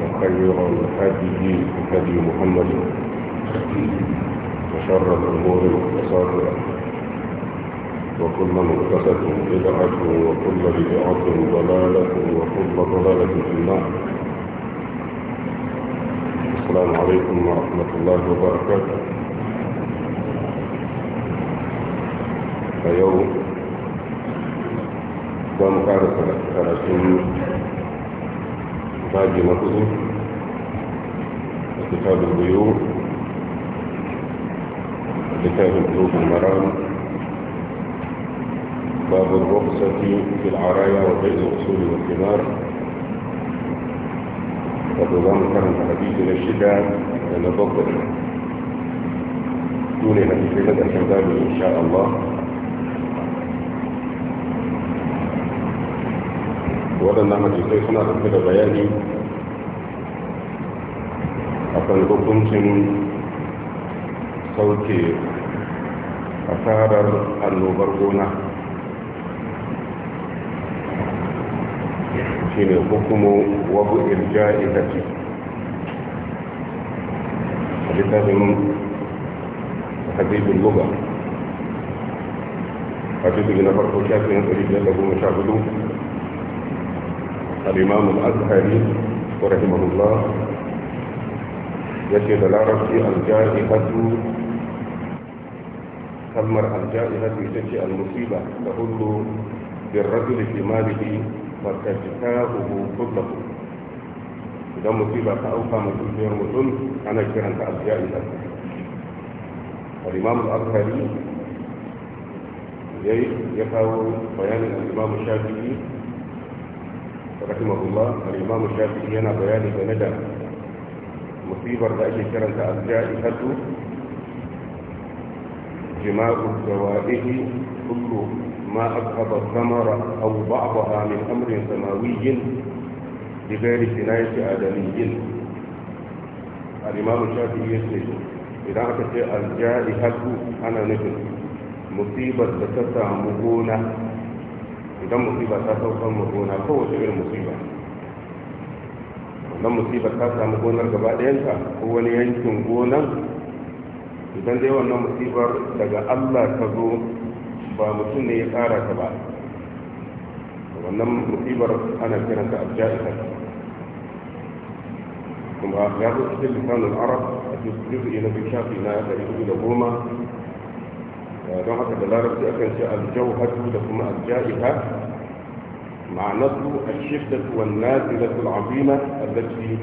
وخير الهدي هدي محمد وشر الأمور مختصاتها وكل مختصة بدعة وكل بدعة ضلالة وكل ضلالة في النار السلام عليكم ورحمة الله وبركاته اليوم زمكارة ثلاثين احتاج الى اذن اتخاذ البيوت اتخاذ البيوت المرام باب الرخصة في العرايا وبيع الاصول والثمار وبظام كان الحديث الى الشتاء الى الضفر دون هذه الفكرة ان شاء الله waɗannan hadisai suna ɗauke da bayani a kan hukuncin sauke asarar annobar gona shi ne hukumu wabu irja ikaci a littafin hadibin luga a cikin na farko shafin 114 الإمام الأزهري رحمه الله يجد العربي الجائحة kalmar aljahilatu ita ce almusiba da hullu bin rajuli fi malihi wa tajtahu kullahu idan musiba ta auka mu dukiyar mutum ana kiranta aljahilatu al ya kawo bayanin al shafi'i رحمه الله الإمام الشافعي هنا بيان بندى مصيبة رأي كرنت الجائحة جماع الزوائد كل ما أسقط الثمر أو بعضها من أمر سماوي بغير جناية آدمي الإمام الشافعي يسند إذا أتت الجائحة أنا نجم مصيبة تتسامحون idan musiba ta saukan mu gona kowace irin musiba wannan musiba ta samu gonar gaba ɗayanta ko wani yankin gonar idan dai wannan musibar daga allah ta zo ba mutum ne ya tsara ta ba wannan musibar ana kiranta abja'ita kuma ya zo cikin lisanin arab a cikin na bishafi na 210 don haka da larabci akan ce aljauhatu da kuma aljaiha ma'anatu ashiddatu wan nazilatu al'azima allati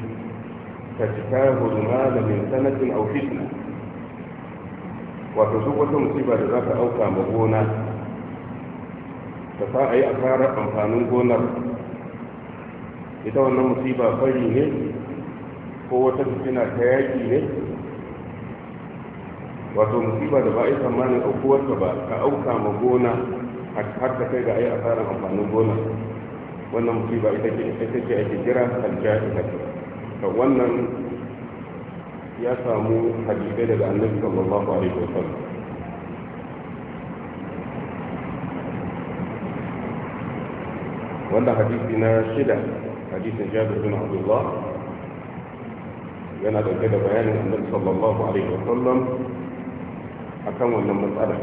tajtahu al-mal min sanatin aw fitna wato duk wata musiba da za ta auka ma gona ta sa a yi asarar amfanin gonar ita wannan musiba fari ne ko wata fitina ta yaki ne wato musiba da ba a yi tsammanin aukuwarta ba ka auka ma gona har ta kai ga ayi asarar amfanin gona wannan musiba ita ce ita ce ake kira aljahiha to wannan ya samu hadisai daga annabi sallallahu alaihi wasallam wannan hadisi na shida hadisin jabir bin abdullah yana dauke da bayanin annabi sallallahu alaihi wasallam akan wannan matsala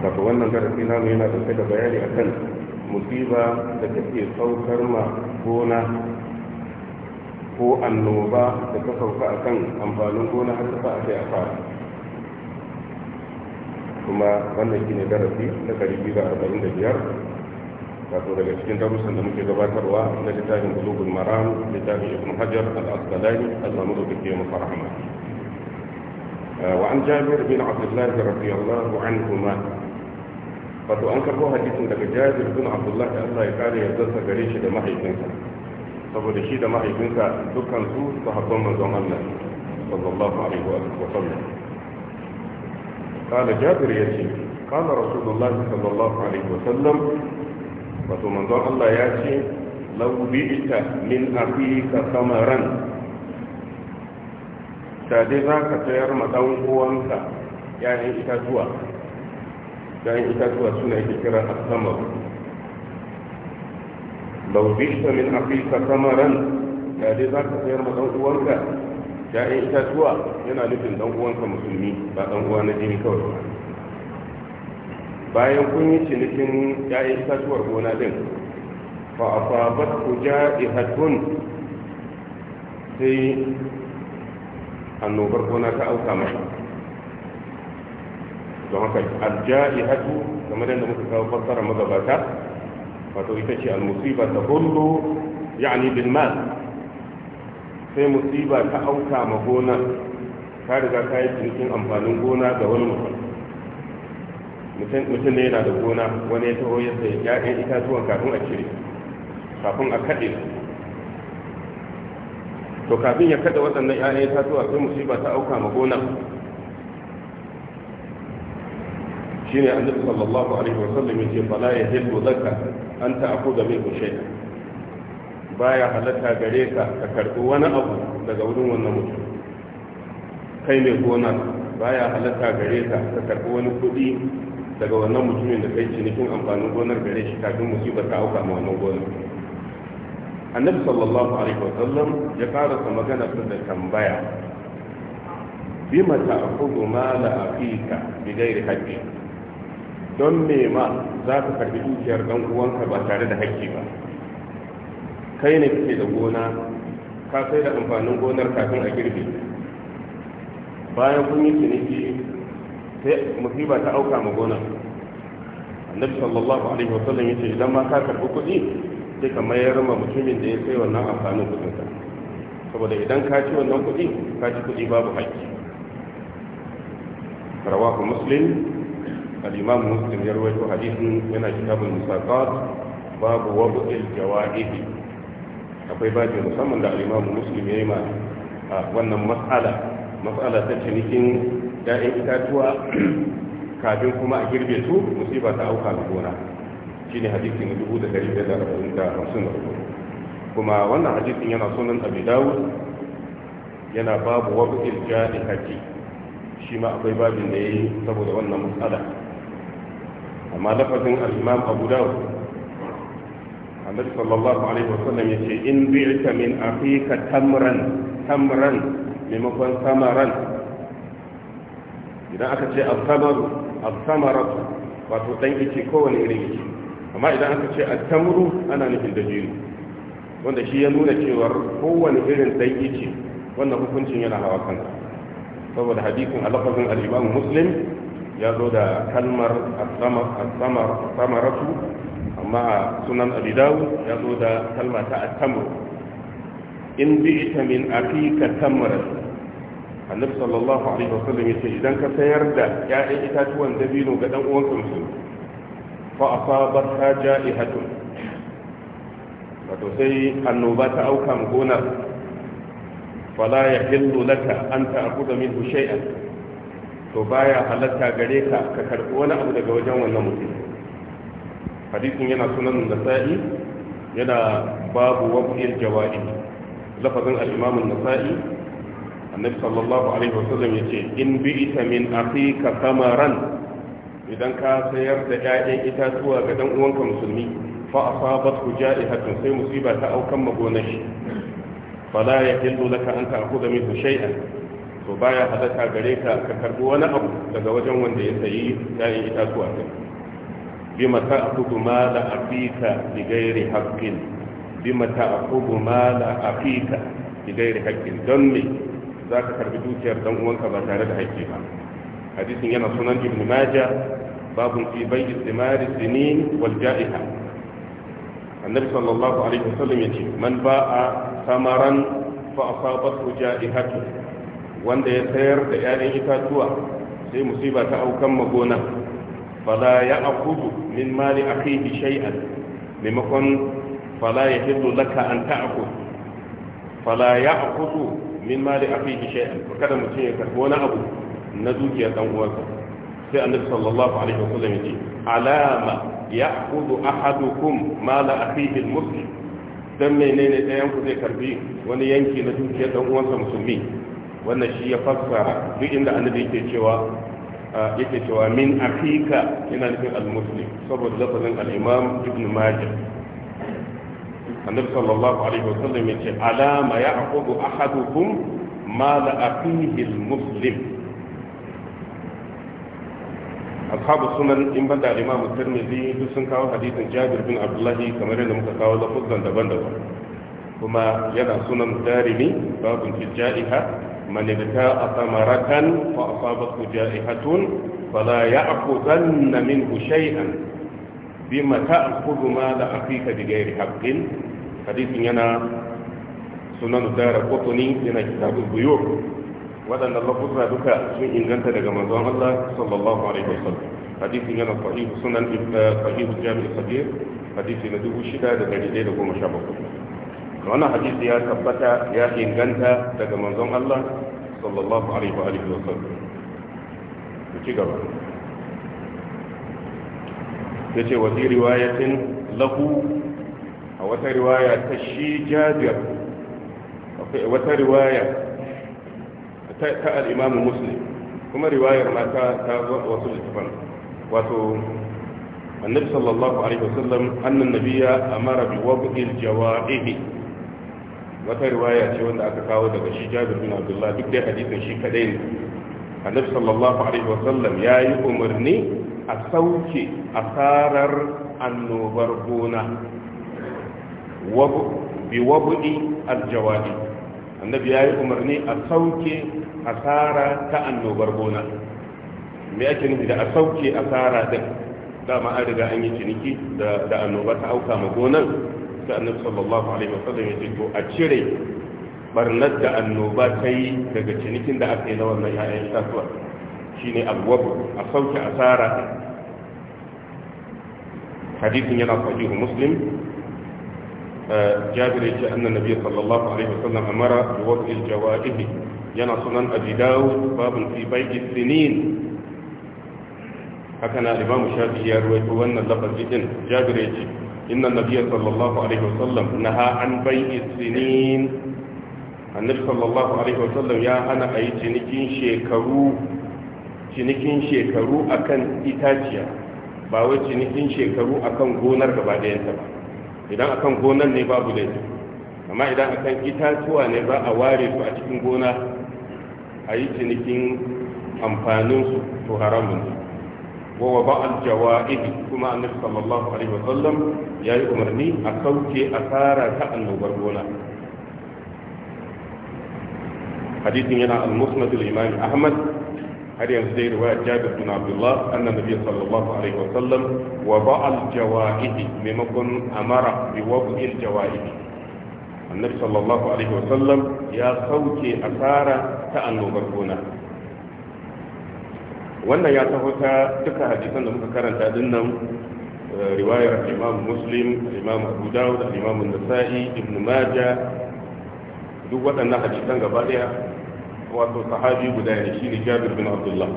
daga wannan garafi namu yana dauke da bayani akan musiba da take saukar ma gona ko annoba da ta sauka kan amfanin gona har ta a a fara kuma wannan shine garafi na كاتو غالي سكين دارو سنة مكي غبار فروا نجي تاهي مقلوب المرام لتاهي ابن حجر الأصدلاني المنور بكي مفرحمة وعن جابر بن عبد الله رضي الله عنهما فتو أنكر هو حديث لك جابر بن عبد الله أن لا يقال يزلس غريش دمحي كنسا فهو رشي دمحي كنسا دكان سو صحبا من زمان صلى الله عليه وسلم قال جابر يسير قال رسول الله صلى الله عليه وسلم wato manzon Allah ya ce lau ita min afika samaran da dai za ka sayar ma dan uwanka yayin itatuwa yayin itatuwa suna yake kira asamar lau ita min afika samaran da dai za ka sayar ma dan uwanka yayin itatuwa yana nufin dan uwanka musulmi ba dan uwa na jini kawai ba bayan kun yi cinikin ya'yan satuwar gona din fa asabat ku ja'ihatun sai annobar gona ta auka mai don haka arja'ihatu game da muka kawo fassara magabata wato ita ce almusiba musiba ta hullu ya'ani bil mal sai musiba ta auka ma gona ka riga ka yi cinikin amfanin gona ga wani mutum mutum ne yana da gona wani ya taho ya sai ya'yan itatuwan kafin a cire kafin a kaɗe to kafin ya kaɗa waɗannan ya'yan itatuwa sai musiba ta auka ma gona Shi ne shine annabi sallallahu alaihi wasallam Bala ya yahillu laka an ta'khudha minhu shay'an baya halatta gare ka ka karɓi wani abu daga wurin wannan mutum kai mai gona baya halatta gare ka ka karɓi wani kuɗi daga wannan mutumin da kai cinikin amfanin gonar gare shi kafin musibar ta auka ma wannan gonar annabi sallallahu alaihi Sallam ya fara sa magana ta da tambaya bima ma da afika bi gairi haqqi don me ma za ka karbi dukiyar dan uwanka ba tare da haƙƙi ba kai ne kake da gona ka sai da amfanin gonar kafin a girbe bayan kun yi ciniki sai musiba ta auka ma gona. annabi sallallahu alaihi wasallam yace idan ma ka karbi kuɗi sai ka mayar ma mutumin da ya kai wannan amfanin kuɗin ka saboda idan ka ci wannan kuɗi ka ci kuɗi babu haƙƙi rawahu muslim al-imam muslim ya rawaito hadisin yana kitabul musaqat babu wabu'il jawahi akwai baji musamman da al-imam muslim ya yi ma wannan mas'ala mas'ala ta cinikin ya'yan itatuwa kafin kuma a girbe su musiba ta auka ga gona masu hadisin 1554 kuma wannan hadisin yana sunan abi dawud yana babu wabu da haji shi ma akwai babin da yi saboda wannan matsala amma lafazin al’imam abu dawud annabi sallallahu alaihi wasallam ce in bi'ita min akhika tamran tamran maimakon samaran idan aka ce al-samaru al-samaratu wato dan ice kowane irin ice amma idan aka ce al-tamru ana nufin dajiru wanda shi ya nuna cewar kowane irin dan ice wannan hukuncin yana hawa kansa saboda hadisin alafazin al-imam muslim ya zo da kalmar al-samaratu amma a sunan abi dawud ya zo da kalma ta al-tamru in bi'ta min akika tamratu annabi sallallahu alaihi wasallam yace idan ka sayar da ƴaƴan itatuwan dabino ga dan uwanka musulmi fa asabat hajaihatun wato sai annoba ta auka mu gonar fala yahillu laka an ta'khudha minhu shay'an to baya halatta gare ka ka karbi wani abu daga wajen wannan mutum hadisin yana sunan nasa'i yana babu wabil jawadi lafazin al-imam an-nasa'i annabi sallallahu alaihi wasallam ya ce in bi ita min afika samaran idan ka sayar da 'ya'yan itatuwa ga dan uwanka musulmi fa asabat ku sai musiba ta aukan magonar shi fala yahillu laka an ta'khudha minhu shay'an to baya halaka gare ka ka karbi wani abu daga wajen wanda ya sayi 'ya'yan itatuwa din bima ta'khudhu ma la bi ghairi haqqin bima ta'khudhu ma la afika bi ghairi haqqin don me za ka karbi dukiyar dan uwanka ba tare da haƙƙi ba hadisin yana sunan ibn majah babun fi bai istimari sinin wal ja'iha annabi sallallahu alaihi wasallam yace man ba'a samaran fa asabatu ja'ihatu wanda ya sayar da 'ya'yan itatuwa sai musiba ta aukan magona fala ya akudu min mali akhihi shay'an maimakon fala ya hillu laka an ta'khud fala ya akudu min ma mali akhihi shay'an kada mutum ya karbi wani abu na dukiyar dan uwansa sai annabi sallallahu alaihi wasallam yace alama ya'khudhu ahadukum mala akhihi almuslim dan menene ɗayan ku zai karbi wani yanki na dukiyar dan uwansa musulmi wannan shi ya fassara duk inda annabi yake cewa ah, yake cewa min akika yana nufin al-muslim saboda lafazin al-imam ibn majah annabi sallallahu alaihi wasallam ya ce alama ya aqudu ahadukum ma la aqihi muslim ashabu sunan in banda imamu tirmidhi duk sun kawo hadisin jabir bin abdullahi kamar yadda muka kawo lafuzan daban-daban kuma yana sunan darimi babun tijaiha man ibta'a samaratan fa asabathu jaihatun fala ya'khudhanna minhu shay'an bima ta'khudhu ma la aqika bi ghairi haqqin hadisin yana sunan dara kotuni yana kitabun buyur waɗanda lafuzza duka sun inganta daga manzon Allah sallallahu alaihi wasallam hadisin yana sahihu sunan eh, sahihu jami'i sabir hadisi na dubu shida da dari ɗaya da goma sha bakwai wannan hadisi ya tabbata ya inganta daga manzon Allah sallallahu alaihi wa alihi wasallam ku ci gaba yace wa riwayatin lahu a wata riwaya ta shi jabir wata riwaya ta al'imamu muslim kuma riwayar ma ta wasu littafan wato annabi sallallahu alaihi wasallam annan nabiya a bi wabdil jawaihi wata riwaya ce wanda aka kawo daga shi jabir bin abdullah duk dai hadisin shi kadai ne annabi sallallahu alaihi wasallam ya yi umarni a sauke asarar annobar gona bi wabudi aljawadi annabi ya yi umarni a sauke asara ta annobar gona me ake nufi da a sauke asara din dama an riga an yi ciniki da annoba ta auka ma gonar sai annabi sallallahu alaihi wasallam ya ce to a cire barnar da annoba ta yi daga cinikin da aka yi na wannan yayin itatuwa shine alwabu a sauke asara hadisin yana sahihu muslim jabir yake annan nabi sallallahu alaihi wasallam amara bi wad'i jawaihi yana sunan abi dawud babun fi bai'i haka na imamu shafi'i ya ruwaito wannan lafazi din jabir yake innan nabi sallallahu alaihi wasallam naha an bai'i sinin annabi sallallahu alaihi wasallam ya hana a yi cinikin shekaru cinikin shekaru akan itaciya ba wai cinikin shekaru akan gonar gaba ɗayanta ba idan akan gonan ne babu laifi amma idan akan itatuwa ne za a ware su a cikin gona a yi cinikin amfaninsu to haramun ne wa ba aljawa'ibi kuma annabi sallallahu alaihi wasallam ya yi umarni a sauke asara ta annobar gona hadisin yana al-musnad al-imam ahmad har yanzu dai riwaya Jabir bin Abdullah annan nabi sallallahu alaihi wa sallam wa ba'al jawaihi maimakon amara bi wab'il jawaihi annabi sallallahu alaihi wa sallam ya sauke asara ta annobar gona wannan ya taho ta duka hadisan da muka karanta din nan eh, riwayar imam muslim imam abu dawud imam nasa'i ibn majah duk waɗannan hadisan gaba ɗaya wato sahabi guda ne shine Jabir bin Abdullah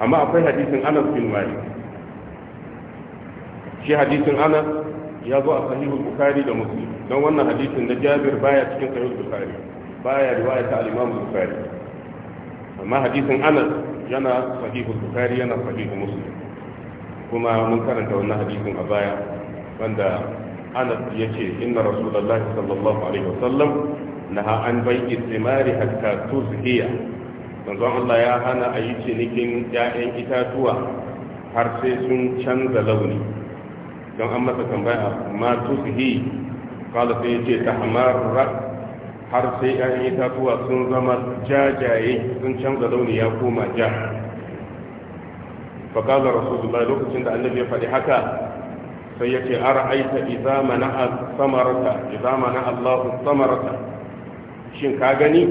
amma akwai hadisin Anas bin Malik shi hadisin Anas ya zo a sahihu Bukhari da Muslim don wannan hadisin na Jabir baya cikin sahihu Bukhari baya riwaya ta al-Imam Bukhari amma hadisin Anas yana sahihu Bukhari yana sahihu Muslim kuma mun karanta wannan hadisin a baya wanda Anas ya yace inna Rasulullahi sallallahu alaihi wasallam na an bai'i tsimari hatta tuzhiya manzon Allah ya hana a yi cinikin 'ya'yan itatuwa har sai sun canza launi don an masa tambaya ma tuzhi kala sai yace ta hamarra har sai 'ya'yan itatuwa sun zama jajaye sun canza launi ya koma ja فقال رسول الله لوكتين ده النبي فدي حكا سيتي أرأيت إذا منع الثمرة إذا منع الله الثمرة shin ka gani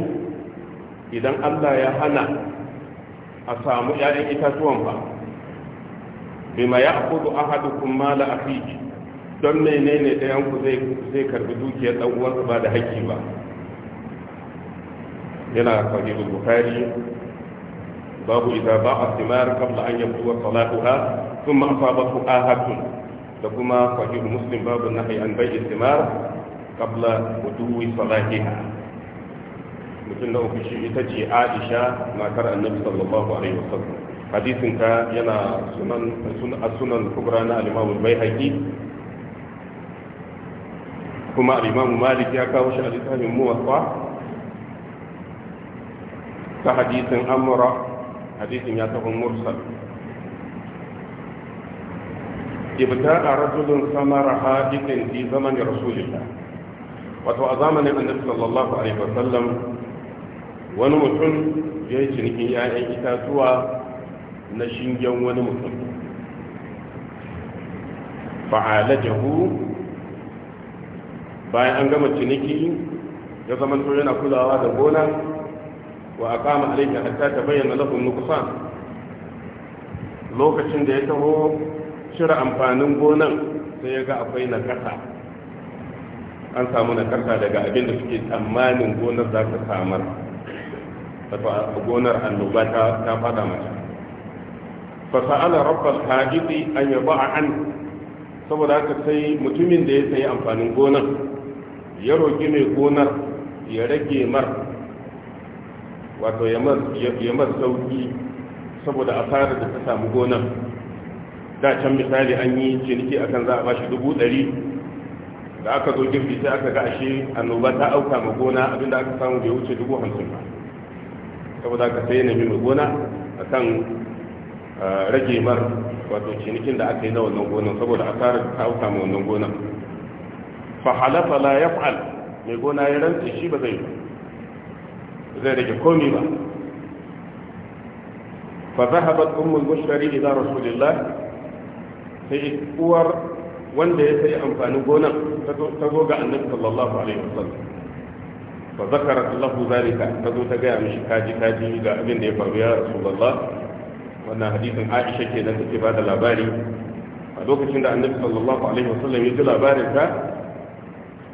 idan allah ya hana a samu 'ya'yan itatuwan ba bima ya akudu ahadukum mala afiji don menene ɗayan ku zai karbi dukiyar ɗan uwansa ba da haƙƙi ba yana sahihul bukari babu ba a thimar qabla an yabdu salatuha thumma asabathu ahatun da kuma sahihul muslim babu nahyi bai istimar thimar qabla wudu'i salatiha mutum na uku shi ita ce aisha matar annabi sallallahu alaihi wasallam hadisin ka yana sunan sunan kubra na al-imam al-baihaqi kuma al-imam malik ya kawo shi a littafin muwatta ta hadisin amra hadisin ya tafi mursal ibta a rajulun samara hadisin fi zamanin rasulillah wato a zamanin annabi sallallahu alaihi wasallam wani mutum ya yi cinikin 'ya'yan itatuwa na shingen wani mutum fa'ala jahu bayan an gama ciniki ya zama to yana kulawa da gona wa a kama alaika hatta ta bayyana lafin nukusa lokacin da ya taho cire amfanin gonan sai ya ga akwai na kasa an samu na daga abin da suke tsammanin gonar za ta samar wato gonar annoba ta fada mata fa sa'ala rabbal hajiti an yada'a an saboda haka sai mutumin da ya sayi amfanin gonar ya roki mai gonar ya rage mar wato ya mar sauki saboda asarar da ta samu gonar da can misali an yi ciniki akan za a bashi dubu ɗari da aka zo girbi sai aka ga ashe annoba ta auka ma gona abinda aka samu bai wuce dubu hamsin ba saboda ka sai na mai gona a kan rage mar wato cinikin da aka yi na wannan gonan saboda asarar ta auka ma wannan gonan fa halafa la yaf'al mai gona ya rantsa shi ba zai zai rage komi ba fa zahabat ummul mushtari ila rasulillah sai uwar wanda ya sai amfanin gonan ta zo ga annabi sallallahu alaihi wasallam fa zakara lahu zalika ta zo ta gaya mishi kaji kaji ga abin da ya faru ya rasulullah wannan hadisin aisha kenan take ba da labari a lokacin da annabi sallallahu alaihi wasallam ya ji labarin ta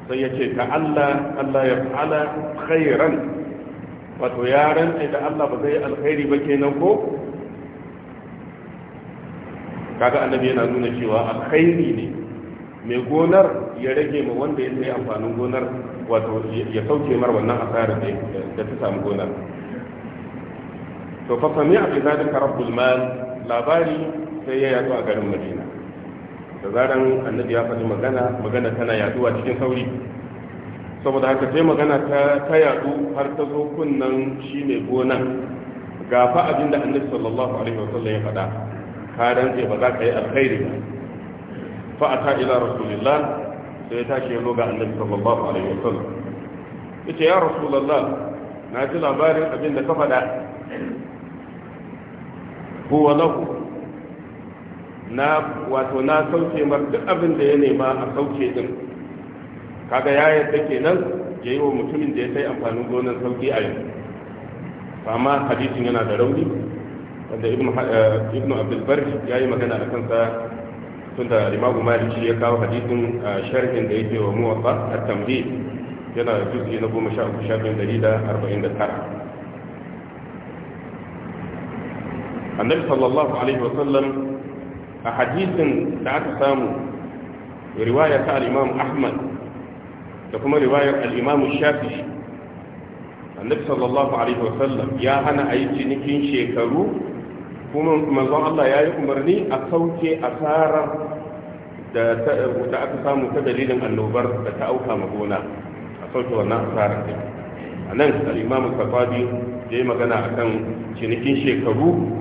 sai ya ce ta Allah Allah ya fa'ala khairan wato ya sai da Allah ba zai alkhairi ba kenan ko kaga annabi yana nuna cewa alkhairi ne mai gonar ya rage ma wanda ya sai amfanin gonar wato ya sauke mar wannan asarar da ta samu gona to fa sami a bizadin rabbul mal labari sai ya yato a garin madina da zaran annabi ya faɗi magana magana tana yaduwa cikin sauri saboda haka sai magana ta yadu har ta zo kunnan shi ne gonan gafa abin da annabi sallallahu alaihi wa sallam ya faɗa ka rantse ba za ka yi alkhairi ba fa ata ila rasulillah sai ya tashi ya zo ga annabi sallallahu alaihi wasallam yace ya rasulullah na ji labarin abin da ka faɗa huwa lahu na wato na sauke mar duk abin da ya nema a sauke din kaga ya yadda kenan ya yi wa mutumin da ya sai amfanin gonar sauki a yau amma hadisin yana da rauni wanda ibnu eh, abdulbar ya yi magana a kansa tunda imamu shi ya kawo hadisin sharhin da yake wa muwafa a tamhid yana da juz'i na 13 shafin tara. annabi sallallahu alaihi wa sallam a hadisin da aka samu riwaya ta al-imam ahmad da kuma riwayar al-imam shafi'i annabi sallallahu alaihi wa sallam ya hana ayi cinikin shekaru kuma manzon Allah ya yi umarni a sauke asarar da da aka samu ta dalilin annobar da ta auka ma gona a sauke wannan asarar din a nan al-imamu safabi ya yi magana akan cinikin shekaru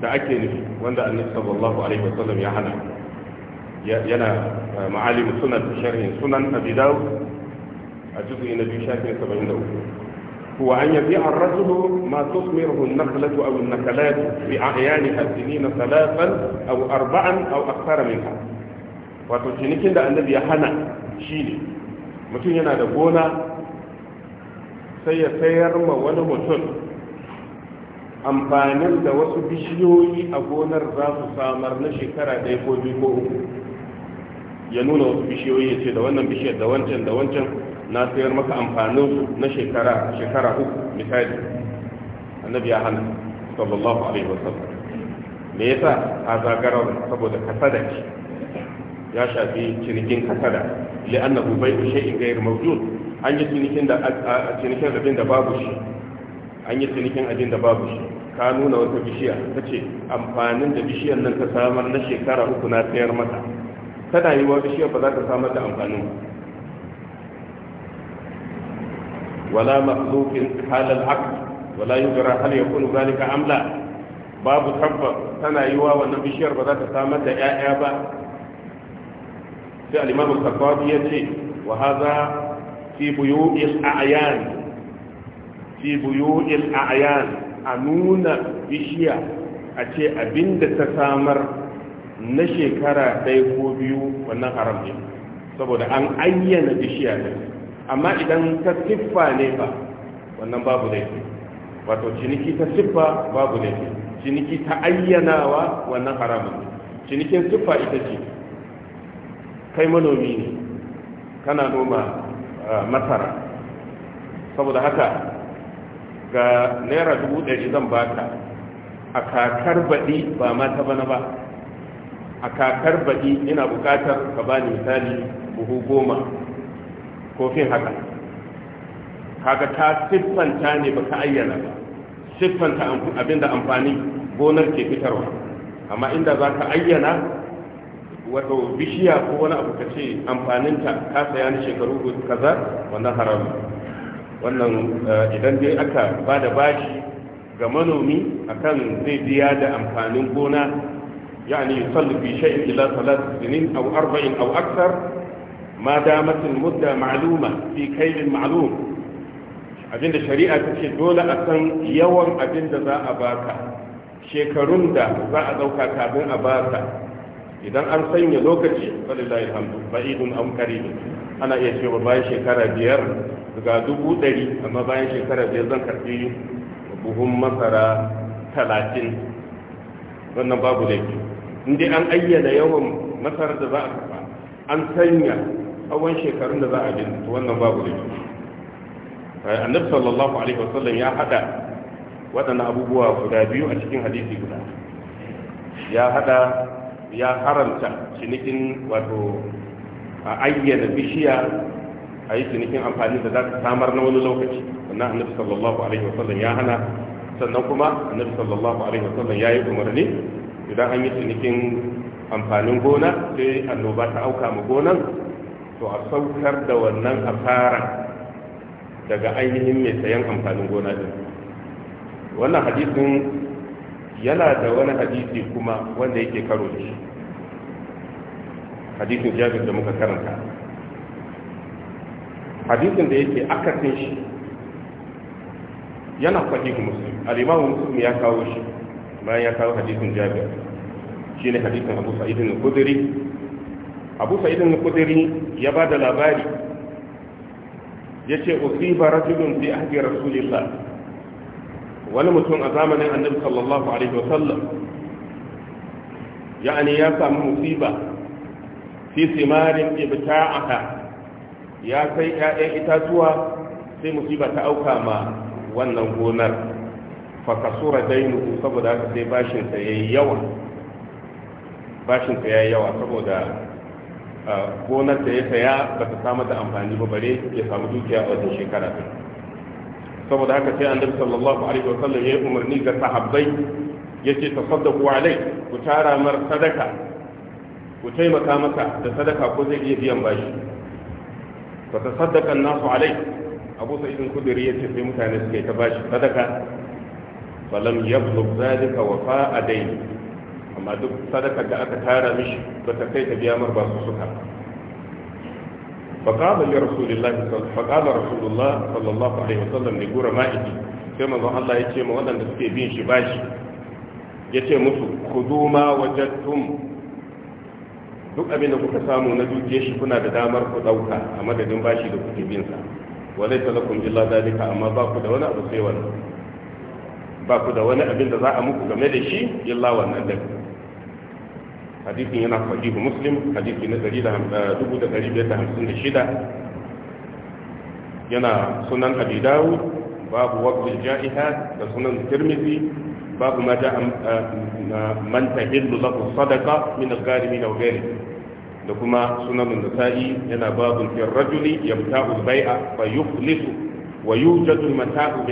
da ake nufi wanda annabi sallallahu alaihi wasallam ya hana yana eh, ma'alimu sunan sharhin sunan abi dawud a juzu na biyu shafin 73 هو أن يبيع الرجل ما تثمره النخلة أو النخلات بأعيانها سنين ثلاثا أو أربعا أو أكثر منها وتشنكين ده النبي هنا شيني mutum yana da gona sai ya sayar ma wani mutum amfanin da wasu bishiyoyi a gonar za su samar na shekara ɗaya ko biyu ko uku ya nuna wasu bishiyoyi ya ce da wannan bishiyar da wancan da wancan na sayar maka amfanin na shekara shekara uku misali annabi ya hana sallallahu alaihi wasallam me yasa a zagarar saboda kasada ce ya shafi cinikin kasada annahu bai'u shay'in ghayr mawjud an yi cinikin da cinikin abin da babu shi an yi cinikin abin da babu shi ka nuna wata bishiya ta ce amfanin da bishiyar nan ta samar na shekara uku na sayar mata kada yi wa bishiyar ba za ta samar da amfanin ولا مخلوق حال العقل ولا يدرى هل يكون ذلك أم لا babu tabbas tana yiwa wa wannan bishiyar ba za ta samar da 'ya'ya ba sai alimamu sabbabi ya ce wa haza fi buyu'il a'yan fi buyu'il a'yan a nuna bishiya a ce abinda ta samar na shekara ɗaya ko biyu wannan haram ne saboda an ayyana bishiya ne amma idan ta siffa ne ba wannan babu laifi wato ciniki ta siffa babu laifi ciniki ta ayyanawa wannan haramun cinikin siffa ita ce kai manomi ne kana noma ah, masara saboda haka ga naira dubu ɗari zan baka a kakar baɗi ba ma ta bana ba a kakar baɗi ina buƙatar ka bani misali buhu goma ko fin haka kaga ta siffanta ne ba ka ayyana ba siffanta abinda amfani gonar ke fitarwa amma inda za ka ayyana wato bishiya ko wani abu ka ce amfaninta ka saya ni shekaru kaza wannan haram wannan eh, idan dai aka ba da bashi ga manomi akan zai biya da amfanin gona yani yusallu bi shay'in ila salat sinin aw arba'in aw akthar ma damatul mudda ma'luma fi kailin ma'lum abinda shari'a ta ce dole a san yawan abinda za a baka shekarun da za a dauka kafin a baka idan an sanya lokaci falilahi hamdu ba'idun am qaribun ana iya cewa bayan shekara biyar ga dubu ɗari amma bayan shekara biyar zan karɓi buhun masara talatin wannan babu laifi in dai an ayyana yawan masarar da za a kafa an sanya awon shekarun da za a jin wannan babu da eh, annabi sallallahu alaihi wasallam ya hada waɗannan abubuwa guda biyu a cikin hadisi guda ya hada ya haramta cinikin wato a ayyana bishiya a yi cinikin amfani da za ka samar na wani lokaci sannan annabi sallallahu alaihi wasallam ya hana sannan kuma annabi sallallahu alaihi wasallam ya yi umarni idan an yi cinikin amfanin gona sai annoba ta auka ma gonan to a saukar da wannan asara daga ainihin mai sayan amfanin gona din wannan hadisin yana da wani hadisi kuma wanda yake karo da shi hadisin jabir da muka karanta hadisin da yake akasin shi yana sahihu muslim al-imamu muslim ya kawo shi bayan ya kawo hadisin jabir ne hadisin abu sa'idin al-khudri abu sa'idin kudiri ya ba da labari ya ce usiba rajulun fi ahdi rasulillah wani mutum a zamanin annabi sallallahu alaihi wasallam ya'ani ya samu musiba fi simarin ibta'aka ya kai ƴaƴan itatuwa sai musiba ta auka ma wannan gonar fa kasura dainuhu saboda haka sai bashin sa yayi yawa bashin sa yayi yawa saboda gonar da ya saya ba ta samar da amfani ba bare ya samu dukiya a wajen shekara ta. saboda haka sai annabi sallallahu alaihi wa sallam ya yi umarni ga sahabbai ya ce tasaddaqu alai ku tara mar sadaka ku taimaka masa da sadaka ko zai iya biyan bashi Ba ta an-nasu alai abu sa'id al-khudri ya ce sai mutane suke ta bashi sadaka falam yablugh zalika wafa'a dayni amma duk sadakar da aka tara mishi ba ta kai ta biya mar ba su suka فقال يا رسول الله فقال رسول الله صلى الله عليه وسلم sai manzon Allah ya ce ma waɗanda suke bin shi bashi ya ce musu khudhu ma wajadtum duk abin da kuka samu na dukiya shi kuna da damar ku ɗauka a madadin bashi da kuke bin sa wa laysa lakum illa dalika amma ba ku da wani abu sai wannan ba ku da wani abin da za a muku game da shi illa wannan dalika hadisin yana sahihu muslim hadisi na 1556 eh, yana sunan abi dawud babu waqtil ja'ihat da sunan tirmidhi babu ma ja'a eh, man tahillu lahu sadaqa min al-gharimin wa ghayrihi da kuma sunan nasa'i yana babu fil rajuli yamta'u al-bai'a fa yuflisu wa yujadu al-mata'u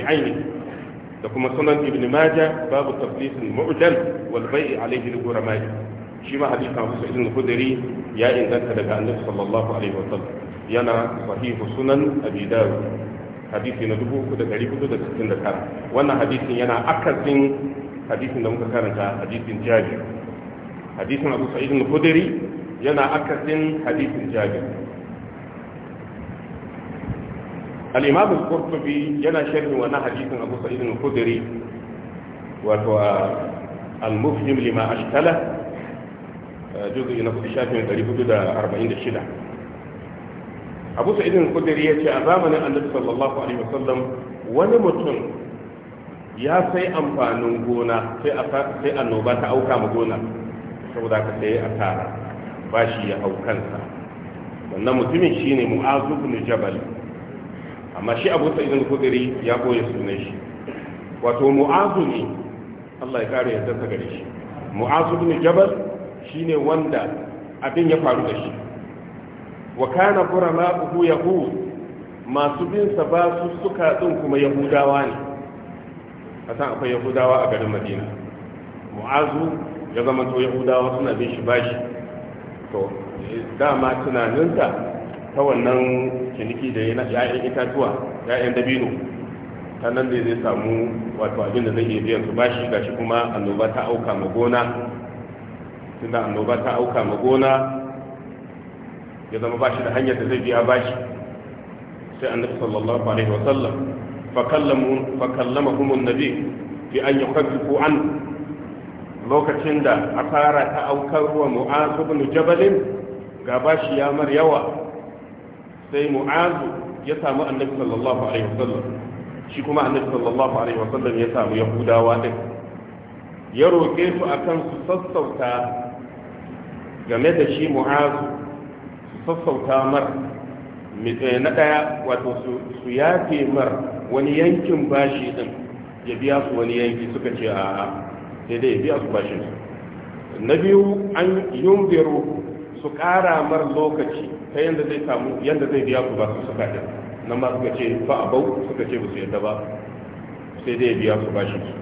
da kuma sunan ibn majah babu taflis al-mu'jal wal bai'i alayhi al-ghurama'i shi ma hadisi abu sa'id al-khudri ya inganta daga annabi sallallahu alaihi wa sallam yana sahih sunan abi dawud hadisi na 3469 wannan hadisin yana akasin hadisin da muka karanta hadisin jabir hadisin abu sa'id al-khudri yana akasin hadisin jabir al-imam al-qurtubi yana sharhi wannan hadisin abu sa'id al-khudri wato al-mufhim lima ashkala juzu'i na kudu shafin 446 abu sa'idin kudiri ya ce a zamanin annabi sallallahu alaihi wasallam wani mutum ya sai amfanin gona sai annoba ta auka ma gona saboda ka sai a tara ba shi ya hau kansa wannan mutumin shine mu'azu ibn jabal amma shi abu sa'idin kudiri ya boye sunan shi wato mu'azu ne Allah ya kare yadda ta gare shi mu'azu ibn jabal shine wanda abin ya faru da shi wa kana uku yahud masu bin sa ba su suka din kuma yahudawa ne kasan akwai yahudawa a garin madina mu'azu ya zama to yahudawa suna bin shi bashi to dama tunaninsa ta wannan ciniki da yana ya'yan itatuwa ya'yan dabino ta nan da zai samu wato abin da zai iya biyan su bashi gashi kuma annoba ta auka ma gona tunda annoba ta auka ma gona ya zama ba shi da hanyar da zai biya bashi sai annabi sallallahu alaihi wasallam fakallamu fakallamahum annabi fi an yukaffifu an lokacin da asara ta aukar wa mu'azu ibn jabalin ga bashi ya mar yawa sai mu'azu ya samu annabi sallallahu alaihi wasallam shi kuma annabi sallallahu alaihi wasallam ya samu yahudawa din ya roƙe su akan su sassauta game da shi mu'azu sassauta mar eh, na ɗaya wato su yafe mar wani yankin bashi din ya biya su wani yanki suka ce a sai dai ya biya su bashin su na biyu an yumbiru su ƙara mar lokaci ta yadda zai samu yadda zai biya su ba su suka ɗin nan ma suka ce ba a bau suka ce ba su yadda ba sai dai ya biya su bashin su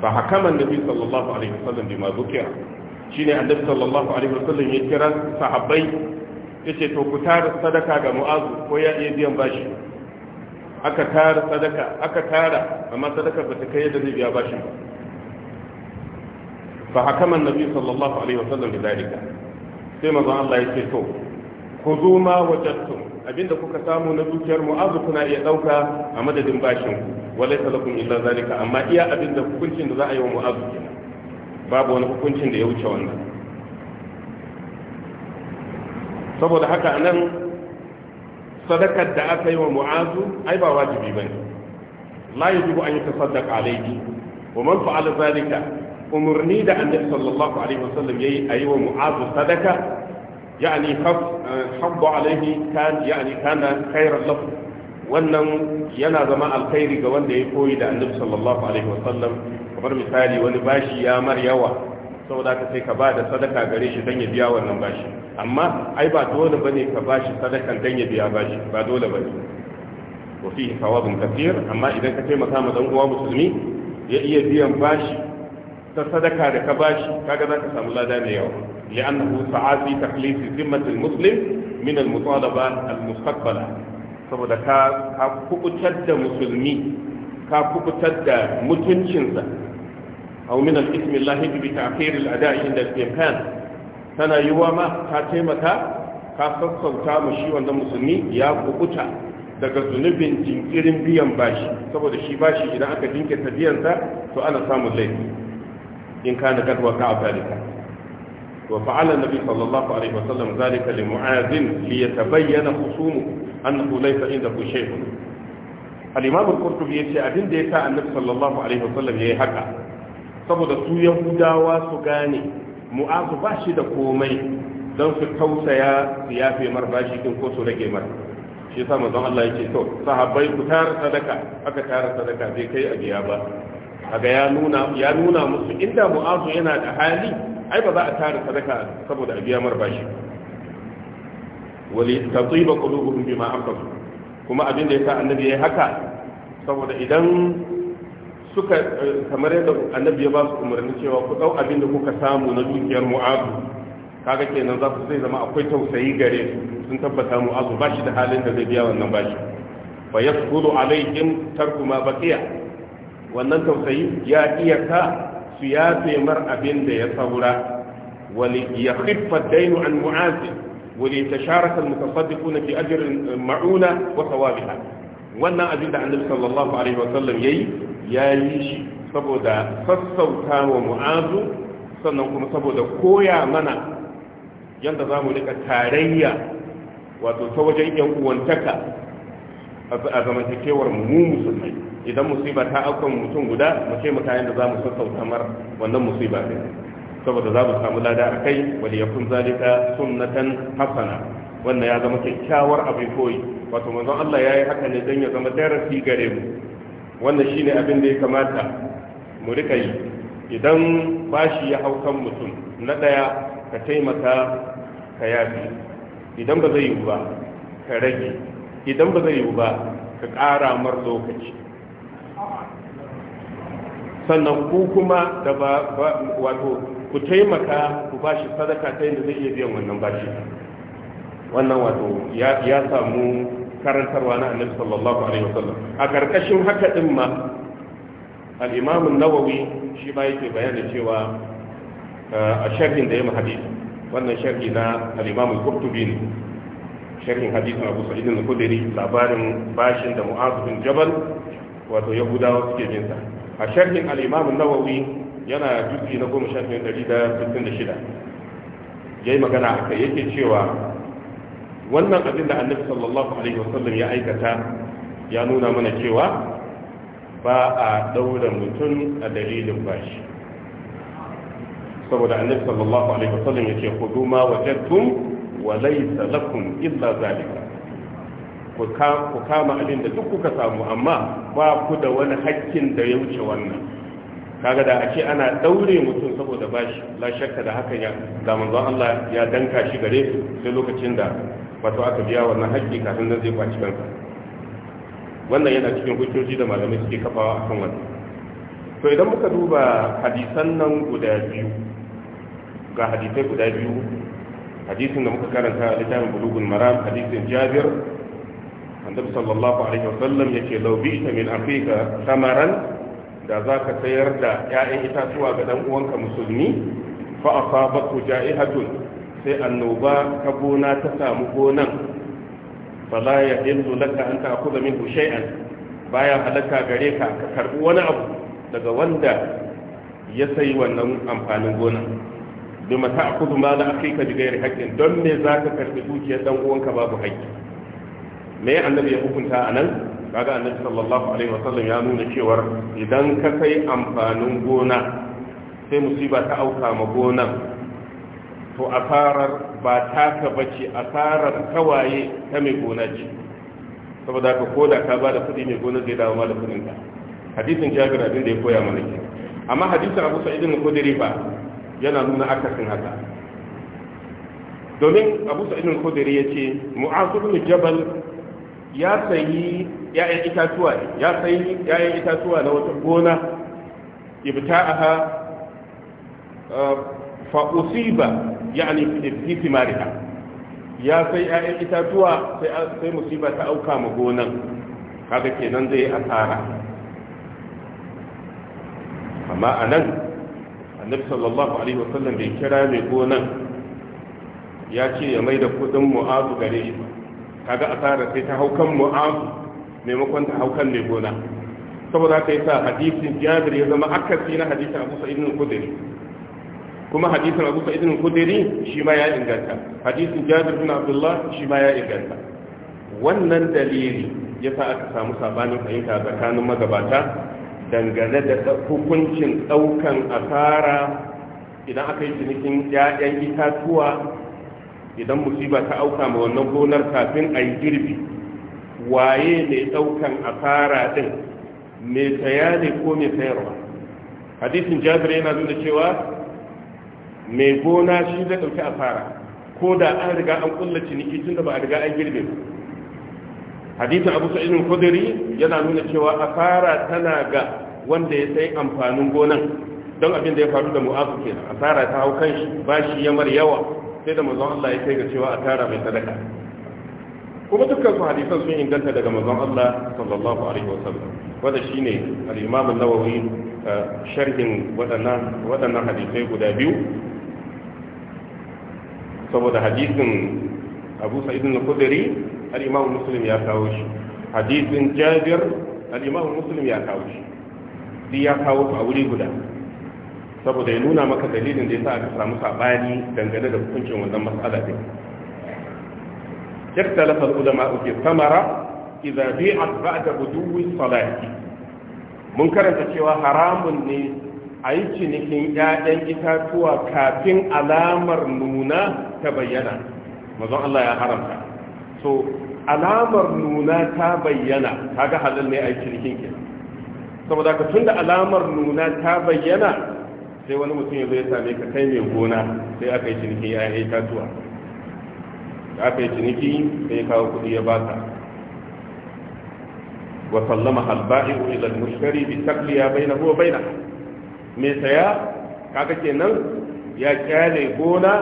fa hakaman nabi sallallahu alaihi wasallam bi ma zukiya shine annabi sallallahu alaihi wa sallam ya kira sahabbai yace to ku tara sadaka ga mu'azu ko ya iya biyan bashi aka tara sadaka aka tara amma sadaka ba ta kai da zai biya bashin ba fa hakaman nabi sallallahu alaihi wa sallam da dalika sai manzon Allah yace to ku zo ma wajattum abinda kuka samu na dukiyar mu'azu kuna iya dauka a madadin bashin ku walaysa lakum illa zalika amma iya abinda hukuncin da za a yi wa mu'azu kenan babu wani hukuncin da ya wuce wannan saboda haka anan sadakar da aka yi wa mu'azu ai ba wajibi bane la yajibu an yatasaddaq alayhi wa man fa'ala zalika umurni da annabi sallallahu alaihi wasallam yayi ayi wa mu'azu sadaka yani khaf habba alayhi kan yani kana khairan lahu wannan yana zama alkhairi ga wanda ya koyi da annabi sallallahu alaihi wasallam kamar misali wani bashi ya mar yawa saboda ka sai ka ba da sadaka gare shi dan ya biya wannan bashi amma ai ba dole bane ka bashi sadakan dan ya biya bashi ba dole bane wa fihi thawabun kathir amma idan ka taimaka ma dan uwa musulmi ya iya biyan bashi ta sadaka da ka bashi kaga zaka samu lada ne yawa li annahu sa'ati taklifi zimmatil muslim min al-mutalaba al-mustaqbala saboda ka kubutar da musulmi ka kubutar da mutuncinsa aw min al ismi llahi bi ta'khir al-ada' inda al-imkan tana yiwa ma ka taimaka ka sassauta mu shi wanda musulmi ya kubuta daga zunubin jinkirin biyan bashi saboda shi bashi idan aka jinkirta biyansa to ana samun laifi in kana kadwa ka afalika وفعل النبي صلى الله عليه وسلم ذلك لمعاذ ليتبين خصومه أنه ليس عنده شيء الإمام القرطبي يتي أبين ديكا النبي صلى الله عليه وسلم يهي saboda su yahudawa su gane mu'azu ba shi da komai don su tausaya su yafe mar bashi din ko su rage mar shi yasa manzon Allah yake to sahabbai ku tara sadaka aka tara sadaka bai kai a biya ba kaga ya nuna musu inda mu'azu yana da hali ai ba za a tara sadaka saboda a biya mar bashi wali tatiba qulubuhum bima anfaqu kuma abin da ya sa annabi yayi haka saboda idan suka kamar yadda annabi ya ba su umarni cewa ku dau abin da kuka samu na dukiyar mu'azu kaga kenan za su zai zama akwai tausayi gare su sun tabbata mu'azu ba shi da halin da zai biya wannan ba bashi fa yasqulu alaihim tarku ma baqiya wannan tausayi ya iya ka su ya taimar abin da ya saura wani ya khiffa dainu an mu'azi wani ta sharaka mutasaddiquna fi ajrin ma'una wa thawabiha wannan abin da annabi sallallahu alaihi wasallam yayi ya yi shi saboda sassauta wa mu'azu sannan kuma saboda koya mana yadda za mu nika tarayya wato ta wajen yan uwantaka a zamantakewar mu musulmai idan musiba ta aukan mutum guda mu taimaka mu kayan da za mu sassauta mar wannan musiba din saboda za mu samu lada a kai wali yakun zalika sunnatan hasana wannan ya zama kyakkyawar abin koyi wato manzon Allah yayi haka ne dan ya zama darasi gare mu wannan shine abin da ya kamata mu rika yi idan bashi ya haukan mutum na daya ka taimaka ka yafi idan ba zai yiwu ba ka rage idan ba zai ba ka ƙara mar lokaci sannan ku kuma da ba wato ku taimaka ku ba shi sadaka ta yadda zai iya biyan wannan bashi wannan wato ya samu karantarwa na annabi sallallahu alaihi wasallam a karkashin haka din ma al-imam an-nawawi shi ba yake bayani cewa eh, a sharhin da ya hadisi wannan sharhi na al-imam al-qurtubi ne sharhin hadisin abu sa'id al-khudri labarin bashin da mu'az bin jabal wato yahudawa suke bin sa a sharhin al-imam nawawi yana juzi na goma sharhin ɗari da sittin da shida ya yi magana a kai yake cewa wannan abin da annabi sallallahu alaihi wasallam ya aikata ya nuna mana cewa ba a daura mutum a dalilin bashi saboda annabi sallallahu alaihi wasallam ya ce kudu ma wajattum wa laysa lakum illa zalika ku kama abin da duk kuka samu amma ba ku da wani hakkin da ya wuce wannan kaga da ake ana daure mutum saboda bashi la shakka da hakan ya da manzon Allah ya danka shi gare su sai lokacin da wato aka biya wannan haƙƙi kafin nan zai kwaci kansa wannan yana cikin hujjoji da malamai suke kafawa akan wannan to idan muka duba hadisan nan guda biyu ga hadisai guda biyu hadisin da muka karanta a littafin bulugul maram hadisin jabir annabi sallallahu alaihi wasallam yake law bi'ta min afrika samaran da zaka sayar da 'ya'yan itatuwa ga dan uwanka musulmi fa asabatu ja'ihatun sai annoba ta gona ta samu gonan fala ya hillu laka an ta'khudha minhu shay'an baya halaka gare ka ka karbi wani abu daga wanda ya sayi wannan amfanin gona bima ta'khudhu mala akhika bi ghairi haqqin don me zaka karbi dukiyar dan uwanka babu haƙƙi me annabi ya hukunta a nan kaga annabi sallallahu alaihi wasallam ya nuna cewar idan ka kai amfanin gona sai musiba ta auka ma gonan to asarar ba ka bace asarar kawaye ta mai gona ce saboda ka koda ka ba da kuɗi mai gona zai dawo ma da kuɗin ka hadisin jabir abin da ya koya mana ke amma hadisin abu sa'id ibn khudri ba yana nuna akasin haka domin abu sa'id al-khudri yace mu'az ibn jabal ya sayi ‘ya'yan itatuwa ya sayi ‘ya'yan itatuwa na wata gona ibta aha uh, fa'usiba ya ne fi marika ya sai ‘ya'yan itatuwa sai musiba ta auka ma gonan kaga kenan zai yi asara amma a nan annabi sallallahu alaihi wasallam bai kira mai gonan ya ce ya mai da kudin mu'azu gare shi kaga asara sai ta hau kan mu'azu maimakon ta hau kan ne gona saboda haka sa hadisin jabir ya zama akasi na hadisin abu sa'id al-khudri kuma hadisin abu sa'id al-khudri shi ma ya inganta hadisin jabir bin abdullah shi ma ya inganta wannan dalili sa aka samu sabanin fahimta tsakanin magabata dangane da hukuncin daukan asara idan aka yi cinikin 'ya'yan itatuwa idan musiba ta auka ma wannan gonar kafin a yi girbi waye mai a asara din mai saya ne ko mai sayarwa hadisin jabir yana nuna cewa mai gona shi zai ɗauki asara ko da an riga an kulla ciniki tun da ba a riga an girbe hadisin abu sa'idin kudiri yana nuna cewa asara tana ga wanda ya sai amfanin gonan don abin da ya faru da mu'afu kenan asara ta hau kan shi bashi yamar yawa sai da mazan Allah ya kai ga cewa a tara mai sadaka kuma dukkan su hadisan sun inganta daga mazan Allah sallallahu alaihi wasallam wanda shine al-Imam an-Nawawi eh, sharhin waɗannan waɗannan hadisai guda biyu saboda hadisin Abu Sa'id al-Khudri al-Imam Muslim ya kawo shi hadisin Jabir al-Imam Muslim ya kawo shi ya kawo a wuri guda saboda ya nuna maka dalilin da ya sa aka samu sabani dangane da hukuncin wannan matsala din اختلف العلماء في الثمرة إذا بيعت بعد بدو الصلاة mun karanta cewa haramun ne a yi cinikin 'ya'yan itatuwa kafin alamar nuna ta bayyana mazan Allah ya haramta so alamar nuna ta bayyana kaga halal ne a yi cinikin ki. saboda ka tunda alamar nuna ta bayyana sai wani mutum ya same ka kai mai gona sai aka yi ciniki ya yi tatuwa aka yi ciniki sai ya kawo kuɗi ya baka wa sallama halba'i ila ilal mushtari bi taqliya bainahu wa bainahu me saya kaga kenan ya kyale gona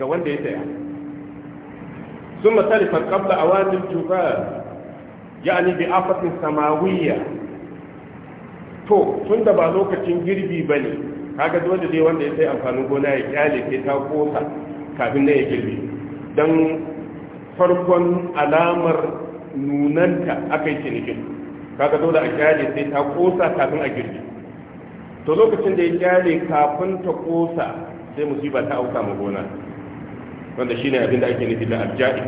ga wanda ya saya ثم تلفا قبل أوان الجبال bi afafin samawiyya to tun da ba lokacin girbi ba ne kaga dole dai wanda ya sai amfanin gona ya kyale sai ta kosa kafin na ya girbe dan farkon alamar nunanta aka yi cinikin kaga dole a kyale sai ta kosa kafin a girbe to lokacin da ya kyale kafin ta kosa sai musiba ta auka ma gona wanda shine abinda da ake nufi da abja'i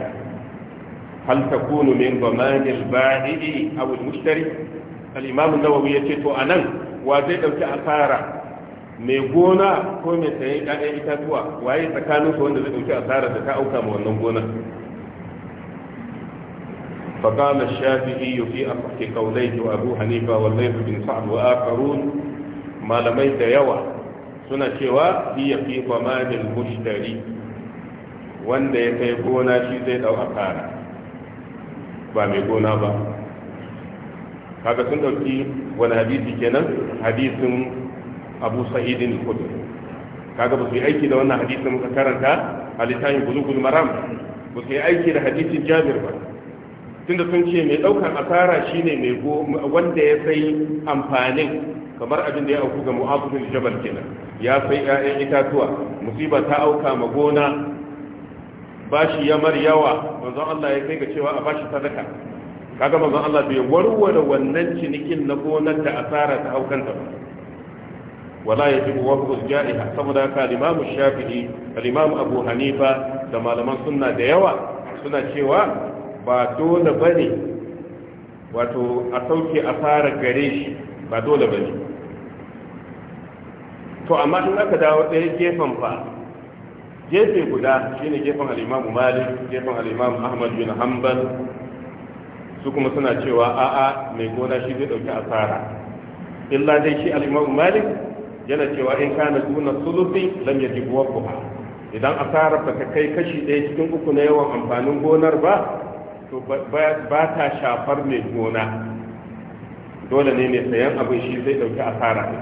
hal takunu min dhamanil ba'idi aw al-mushtari al-imam an-nawawi yace to anan wa zai dauki asara mai gona ko mai sayi ɗaɗin itatuwa waye tsakanin su wanda zai ɗauki a da ta auka ma wannan gonar. Fakama shafi iyo fi a fahimci kaunai to a ruha ne ba wallai su bin malamai da yawa suna cewa iya fi ba ma da mushtari wanda ya kai gona shi zai ɗau a ba mai gona ba. kaga sun ɗauki wani hadisi kenan hadisin abu sa'idin al-khudri kaga ba su yi aiki da wannan hadisin muka karanta a littafin maram ba su yi aiki da hadisin jabir ba tunda sun ce mai daukar asara shine mai wanda ya sai amfanin kamar abin da ya auku ga mu'afifin jabal kenan ya sai 'ya'yan itatuwa musiba ta auka ma gona bashi ya mar yawa manzon Allah ya kai ga cewa a bashi sadaka kaga manzon Allah bai warware wannan cinikin na gonar da asara ta haukanta ba wala ya ji wafuz ja'iha saboda haka al-imam shafi'i al-imam abu hanifa da malaman sunna da yawa suna cewa ba dole ba bane wato a sauke asara gare shi ba dole ba bane to amma in aka dawo ɗaya gefen fa gefe guda shine gefen al malik gefen al-imam ahmad bin hanbal su kuma suna cewa a'a mai gona shi zai ɗauki asara illa dai shi al malik yana cewa in kana duna sulufi lam yajib waqaha idan asarar ba ta kai kashi ɗaya cikin uku na yawan amfanin gonar ba to ba ta shafar mai gona dole ne mai sayan abin shi zai ɗauki asara ne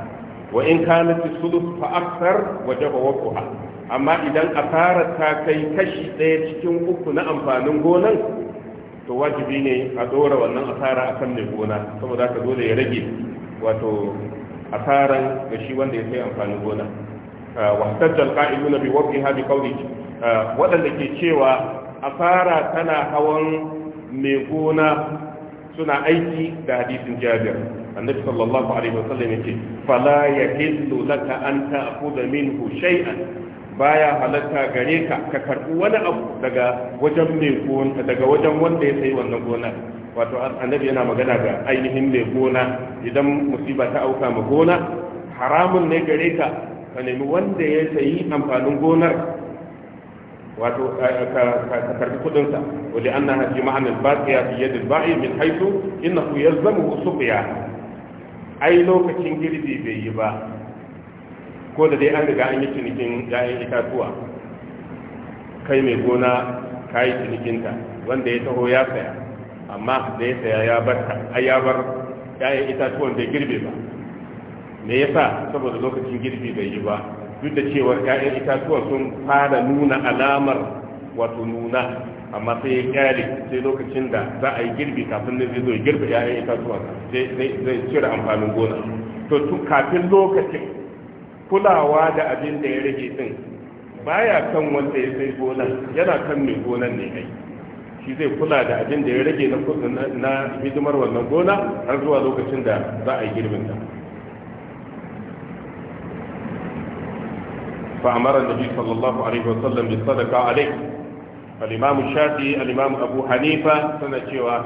wa in kana fi sulus fa aksar waje wa amma idan asarar ta kai kashi ɗaya cikin uku na amfanin gonan to wajibi ne a ɗora wannan asara akan kan mai gona saboda ka dole ya rage wato asaran ga shi wanda ya sai amfanin gona ah, wahtajjal qa'iluna bi waqiha bi qawlihi ah, wadanda ke cewa asara tana hawan mai gona suna aiki da hadisin jabir annabi sallallahu alaihi wasallam yace fala yahillu laka an ta'khudha minhu shay'an baya halatta gare ka ka karbi wani abu daga wajen mai gona daga wajen wanda ya sai wannan gona. wato annabi yana magana ga ainihin mai gona idan musiba ta auka ma gona haramun ne gare ka ka nemi wanda ya sayi amfanin gonar wato ka karbi kudinsa wali an na haji ma'anar baqiya fi yadda ba'i min haitu innahu yalzamu suqiya ai lokacin girbi bai yi ba ko da dai an riga an yi cinikin ya'yan itatuwa kai mai gona ka yi cinikinta wanda ya taho ya saya amma da ya saya ya bar ai ya itatuwan da girbe ba me yasa saboda lokacin girbi bai yi ba duk da cewa ya'yan itatuwan sun fara nuna alamar wato nuna amma sai ya ƙyale sai lokacin da za a yi girbi kafin nan zai zo ya girbe ƴaƴan itatuwan zai cire amfanin gona to tun kafin lokacin kulawa da abin da ya rage din baya kan wanda ya sai gona yana kan mai gonan ne kai shi zai kula da abin da ya rage na hidimar wannan gona har zuwa lokacin da za a yi girbin ta فأمر النبي صلى الله عليه وسلم بالصدقة عليه الإمام الشافعي الإمام أبو حنيفة سنة شوى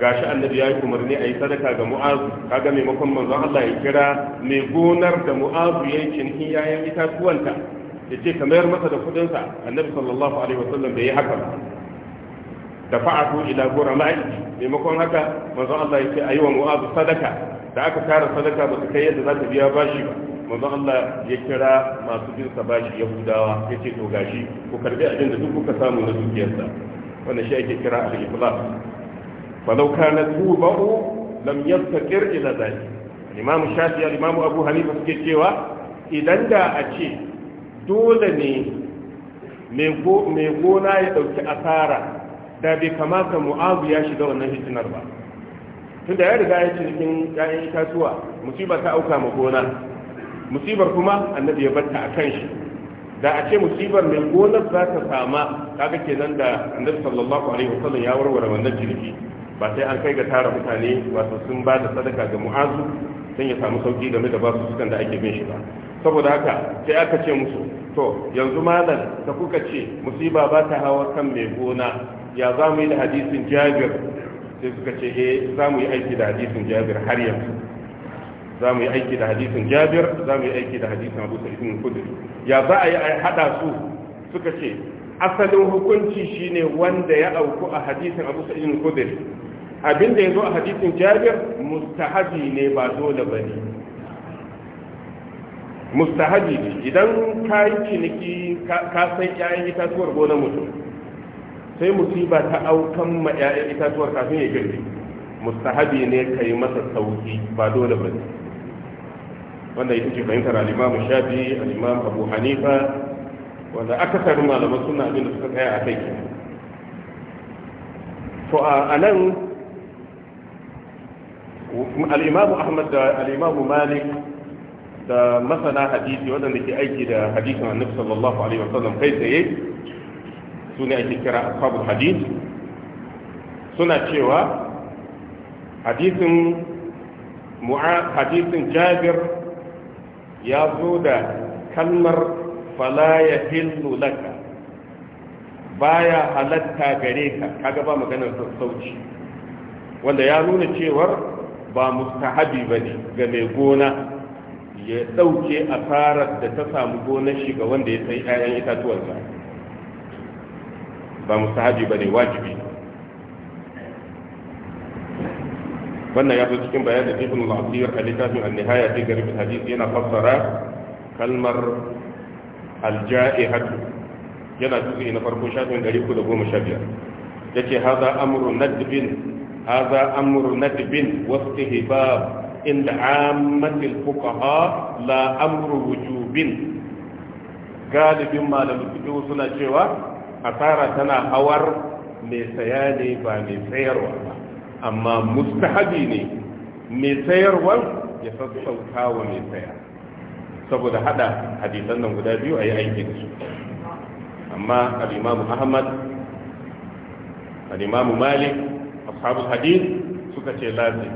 gashi annabi ya yi umarni a yi sadaka ga مكم kaga maimakon الله Allah ya kira يجن gonar da mu'azu ya yi cinkin yayan itatuwanta ya ce mayar masa da kudinsa annabi haka da fa'atu ila guramai maimakon haka manzo Allah yake ayi wa mu'azu sadaka da aka tara sadaka ba su kai yadda za ta biya bashi ba manzo Allah ya kira masu bin sa bashi yahudawa yace to gashi ku karbi abin da duk kuka samu na dukiyarsa wannan shi ake kira al-ikhlas falau kana tuba'u lam yastaqir ila dhalik imam shafi imam abu hanifa suke cewa idan da a ce dole ne mai gona ya dauki asara da bai kamata mu'azu ya shiga wannan hitinar ba tunda ya riga ya cikin ƴaƴan itatuwa musiba ta auka ma gona musibar kuma annabi ya batta a kan shi da a ce musibar mai gonar za ta sama kaga kenan da annabi sallallahu alaihi wasallam ya warware wannan jirgi ba sai an kai ga tara mutane wato sun ba da sadaka ga mu'azu sun ya samu sauki game da basu sukan da ake bin shi ba saboda haka sai aka ce musu to yanzu malam ta kuka ce musiba ba ta hawa kan mai gona ya za mu yi da hadisin jabir sai suka ce he eh, za mu yi aiki da hadisin jabir har yanzu za mu yi aiki da hadisin jabir za mu yi aiki da hadisin abu sa'id bin ya za a yi a hada su suka ce asalin hukunci shine wanda ya auku a hadisin abu sa'id bin abin da ya zo a hadisin jabir mustahabi ne ba dole bane mustahabi ne idan ka yi ciniki ka san yayin itatuwar gonar mutum sai musiba ta aukan ma 'ya'yan itatuwar kafin ya girbe mustahabi ne ka yi masa sauki ba dole ba ne wanda ita ce fahimtar alimamu shafi alimamu abu hanifa wanda aka akasarin malaman suna abin da suka tsaya a kai to a nan alimamu ahmad da alimamu malik da masana hadisi waɗanda ke aiki da hadisin annabi sallallahu alaihi wasallam kai tsaye su ake kira ashabul hadis suna cewa hadisin hadisin jabir ya zo da kalmar fala ya hillu laka baya halatta gare ka kaga ba maganar sauci wanda ya nuna cewar ba mustahabi bane ga mai gona ya dauke asarar da ta samu gonar shi ga wanda ya sai 'ya'yan itatuwansa ba musahabi bane wajibi wannan ya zo cikin bayanin ibn al-asir a littafin an-nihaya fi garib hadith yana fassara kalmar al-ja'ihatu yana tuzi ina farko shafin 315 yace hadha amru nadbin hadha amru nadbin wa istihbab inda ammatil fuqaha la amru wujubin galibin malamin fiqh suna cewa asara tana hawar mai saya ne ba mai sayarwa ba amma mustahabi ne mai sayarwa ya sassauta wa mai saya saboda hada hadisan nan guda biyu a yi aiki da su amma al'imamu ahmad al'imamu malik ashabu hadis suka ce lafi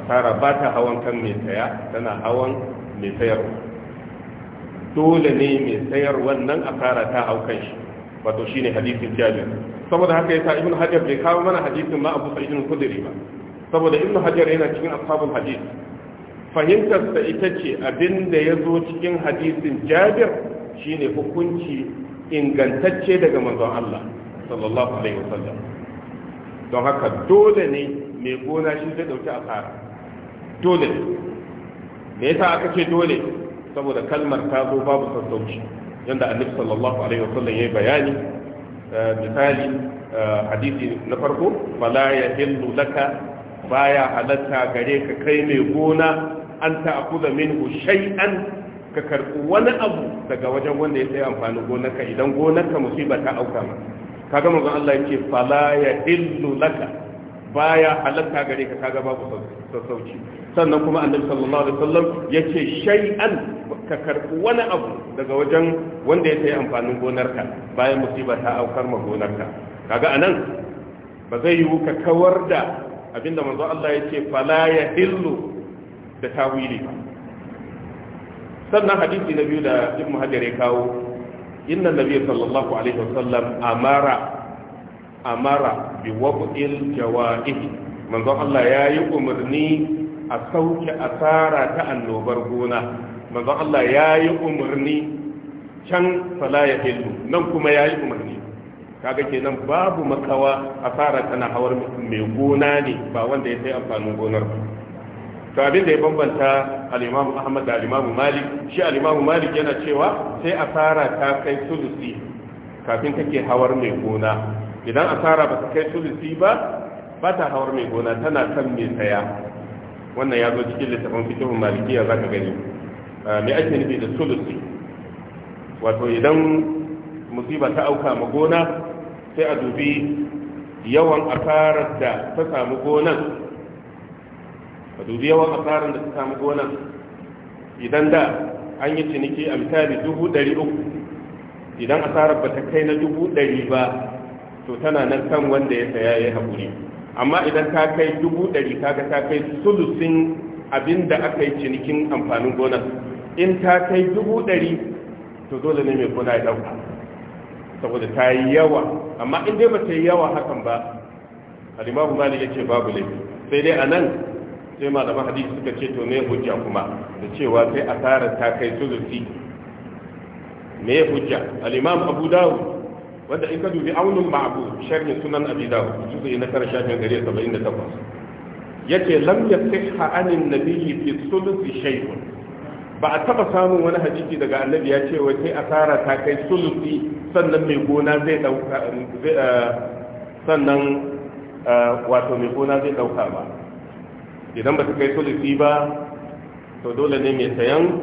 asara ba ta hawan kan mai saya tana hawan mai sayarwa dole ne mai sayar wannan asara ta hau shi wato ne hadisin jabir saboda haka ya yasa Ibn hajar bai kawo mana hadisin ma abu sa'id al-khudri ba saboda Ibn hajar yana cikin ashabul hadis fahimtar sa ita ce abin da ya zo cikin hadisin jabir shine hukunci ingantacce daga manzon Allah sallallahu alaihi wasallam don haka dole ne mai gona shi zai dauki asara dole ne me yasa aka ce dole saboda kalmar ta zo babu sassauci yanda annabi sallallahu alaihi wasallam yayi bayani eh, misali eh, hadisi na farko fala yahillu laka baya halatta gare ka kai mai gona an ta'khudha minhu shay'an ka karɓi wani abu daga wajen wanda ya sai amfanin gonarka idan gonarka musiba ta auka ma kaga manzon Allah yake fala ya laka baya halatta gare ka kaga babu sassauci sannan kuma annabi sallallahu alaihi wasallam yace shay'an ka karbi wani abu daga wajen wanda ya sayi amfanin gonarka bayan musiba ta aukar ma gonarka kaga anan ba zai yiwu ka kawar da abinda manzo Allah yace fala ya hillu da tawili sannan hadisi na biyu da ibnu hajar ya kawo inna nabiyyu sallallahu alaihi wasallam amara amara bi waqil jawaihi Manzo Allah ya yi umarni a sauke asara ta annobar gona Manzo Allah ya yi umarni can fala ya nan kuma ya yi umarni kaga kenan babu makawa asara tana hawar mai gona ne ba wanda ya sai amfanin gonar ba to abin da ya bambanta al-Imam Ahmad da al-Imam Malik shi al-Imam Malik yana cewa sai asara ta kai sulusi kafin take hawar mai gona idan asara ba ta kai tulisi ba ba ta hawar mai gona tana kan mai saya wannan ya zo cikin littafin maliki, malikiya za ka gani ah, me ake nufi da tulisi? wato idan musiba ta auka ma gona sai a dubi yawan asarar da ta samu gonan a dubi yawan asarar da ta samu gonan idan da an yi ciniki a misali dubu ɗari uku idan asarar ba ta kai na dubu ɗari ba to tana nan kan wanda ya saya ya haƙuri amma idan ta kai dubu ɗari kaga ta kai sulusin abinda aka yi cinikin amfanin gona in ta kai dubu ɗari to dole ne mai gona ya ɗauka saboda ta yi yawa amma in dai ba yi yawa hakan ba alimahu ya ce babu laifi sai dai a nan sai malaman hadisi suka ce to me hujja kuma da cewa sai asarar ta kai sulusi me hujja alimam abu dawud wanda in ka dubi aunin ma'abu sharhin sunan abi dawud juzu'i na kara shafin gari saba'in da takwas yace lam yasihha biyu nabiyyi fi sulusi shaikun ba a taba samun wani hadisi daga annabi ya ce wai sai asara ta kai sulusi sannan mai gona zai dauka eh, sannan eh, wato mai gona zai dauka ba idan ba ta kai sulusi ba to dole ne mai sayan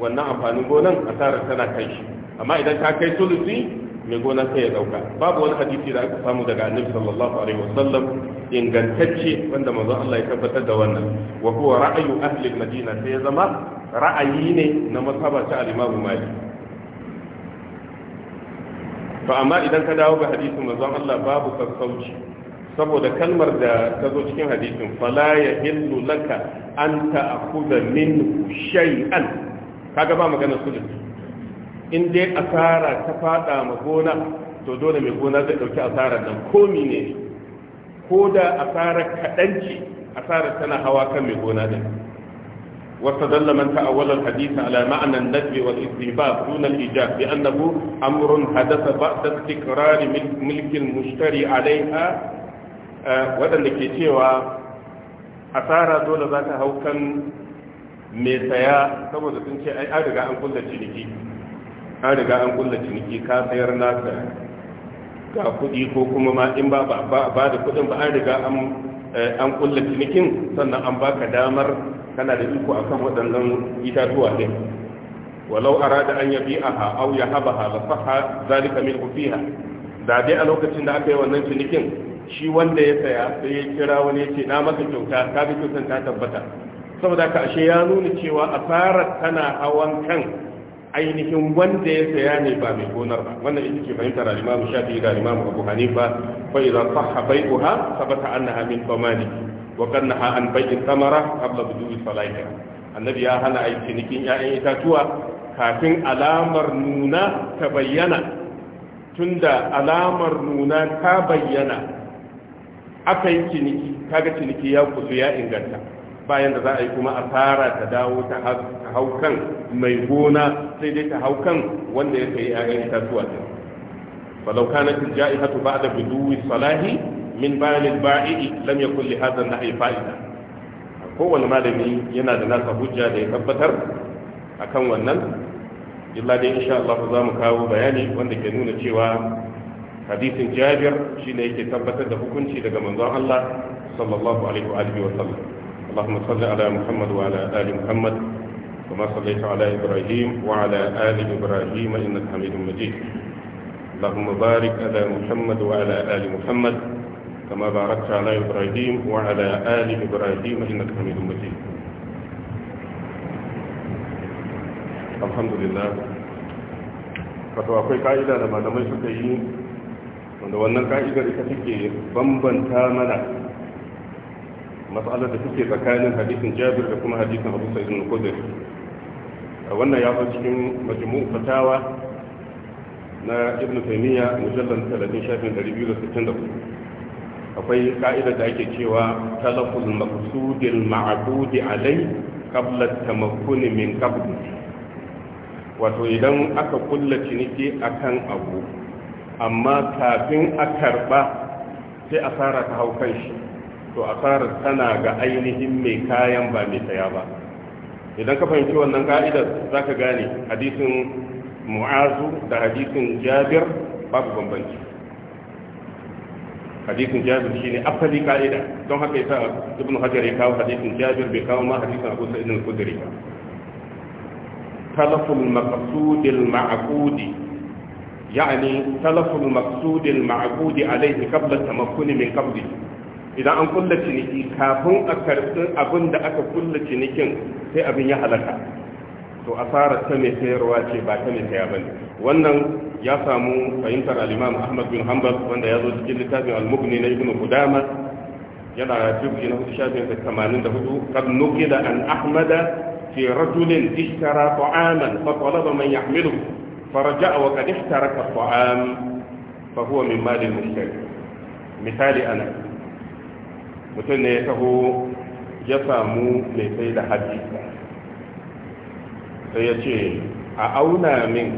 wannan amfanin gonan tsara tana kai shi amma idan ta kai sulusi mai gona sai ya dauka babu wani hadisi da aka samu daga annabi sallallahu alaihi wasallam ingantacce wanda manzo Allah ya tabbatar da wannan wa huwa ra'ayu ahli madina sai ya zama ra'ayi ne na masaba ta al-Imam Malik to amma idan ka dawo ga hadisin manzo Allah babu sassauci saboda kalmar da ta zo cikin hadisin fala ya hillu laka an ta'khudha minhu shay'an kaga ba magana sulhu in dai asara ta fada ma gona to dole mai gona zai dauki asarar nan komi ne ko da asara kaɗan ce tana hawa kan mai gona din واستدل من تأول الحديث على معنى النجم والاستيباب دون الإيجاب لأنه أمر حدث بعد استقرار Milkin, المشتري Alaiha. Eh, waɗanda ke cewa asara dole za ta hau kan mai saya saboda sun ce ai an riga an kulla ciniki an riga an kulla ciniki ka sayar nasa ga kuɗi ko kuma ma in ba ba da kuɗin ba an riga eh, an kulla cinikin sannan an baka damar kana da iko akan waɗannan itatuwa ɗin walau arada an yabi aha au ya haba ha la faha zalika min fiha da dai a lokacin da aka yi wannan cinikin shi wanda ya saya sai ya kira wani ya ce na maka kyauta ka bi kyautan ta tabbata saboda ka ashe ya nuna cewa asarar tana hawan kan ainihin wanda ya saya ne ba mai gonar ba wannan ita ce fahimtar al-Imam Shafi'i da Imam Abu Hanifa fa idza sahha bai'uha sabata annaha min tamani wa kannaha an bai'i tamara qabla budu'i annabi ya hana ai cinikin 'ya'yan itatuwa kafin alamar nuna ta bayyana tunda alamar nuna ta bayyana aka yi ciniki kaga ciniki ya kusu ya inganta bayan da za a yi kuma asara ta dawo ta haukan mai gona sai dai ta haukan wanda ya sayi yayan itatuwa din falau kana til ja'ihatu ba'da biduwi salahi min bayan ba'i lam lamya li hadha an-nahy fa'ida kowane malami yana da nasa hujja da ya tabbatar akan wannan illa dai insha Allah za mu kawo bayani wanda ke nuna cewa hadisin Jabir shine yake tabbatar da hukunci daga manzon Allah sallallahu alaihi wa alihi wa sallam اللهم صل على محمد وعلى آل محمد كما صليت على إبراهيم وعلى آل إبراهيم إنك حميد مجيد اللهم بارك على محمد وعلى آل محمد كما باركت على إبراهيم وعلى آل إبراهيم إنك حميد مجيد الحمد لله wato akwai ka'ida da malamai suka yi wanda wannan ka'idar ita take bambanta mana matsalar da suke tsakanin hadisin jabir da kuma hadisin abu sa'id ibn khudri wannan ya zo cikin majmu' fatawa na ibn taymiya mujallal 30 shafin 264 akwai ka'ida da ake cewa talaful maqsudil ma'budi alai qabla tamakkun min qabd wato idan aka kulla ciniki akan abu amma kafin a karba sai asara ta hau kan shi to asarar tana ga ainihin mai kayan ba mai saya ba idan ka fahimci wannan ka'idar za ka gane hadisin mu'azu da hadisin jabir babu bambanci hadisin jabir ne asali ka'ida don haka yasa ibnu hajar ya kawo hadisin jabir bai kawo ma hadisin abu sa'id al-khudri ba talaful maqsudil ma'qudi yani talaful maqsudil ma'qudi alayhi qabla tamakkuni min qabdihi idan an kulla ciniki kafin a karbi abin da aka kulla cinikin sai abin ya halaka to asarar ta mai sayarwa ce ba ta mai saya ba ne wannan ya samu fahimtar al'imam ahmad bin hanbal wanda ya zo cikin littafin almugni mughni na ibnu qudama yana jubi na shafin 84 kad da an ahmada في رجل اشترى طعاما فطلب من يحمله فرجع وقد احترق الطعام فهو min مال المشتري misali أنا mutum ne ya taho ya samu mai sai da hajji sai ya ce a auna min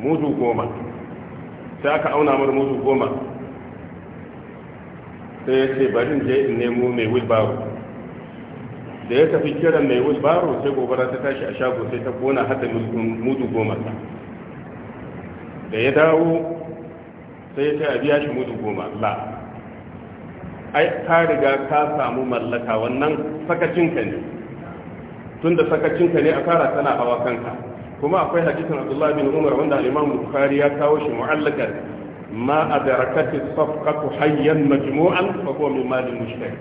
mudu goma sai aka auna mar mudu goma sai ya ce barin je in nemo mai wilbaro da ya tafi kiran mai wilbaro sai gobara ta tashi a shago sai ta kona hada mudu goma da ya dawo sai ya ce a biya shi mudu goma la ai ka riga ka samu mallaka wannan sakacinka ne tunda sakacinka ne a fara tana hawa kanka kuma akwai hadisin Abdullahi bin Umar wanda al-Imam Bukhari ya kawo shi mu'allakan ma adrakati safqatu hayyan majmu'an fa huwa min malin mushtari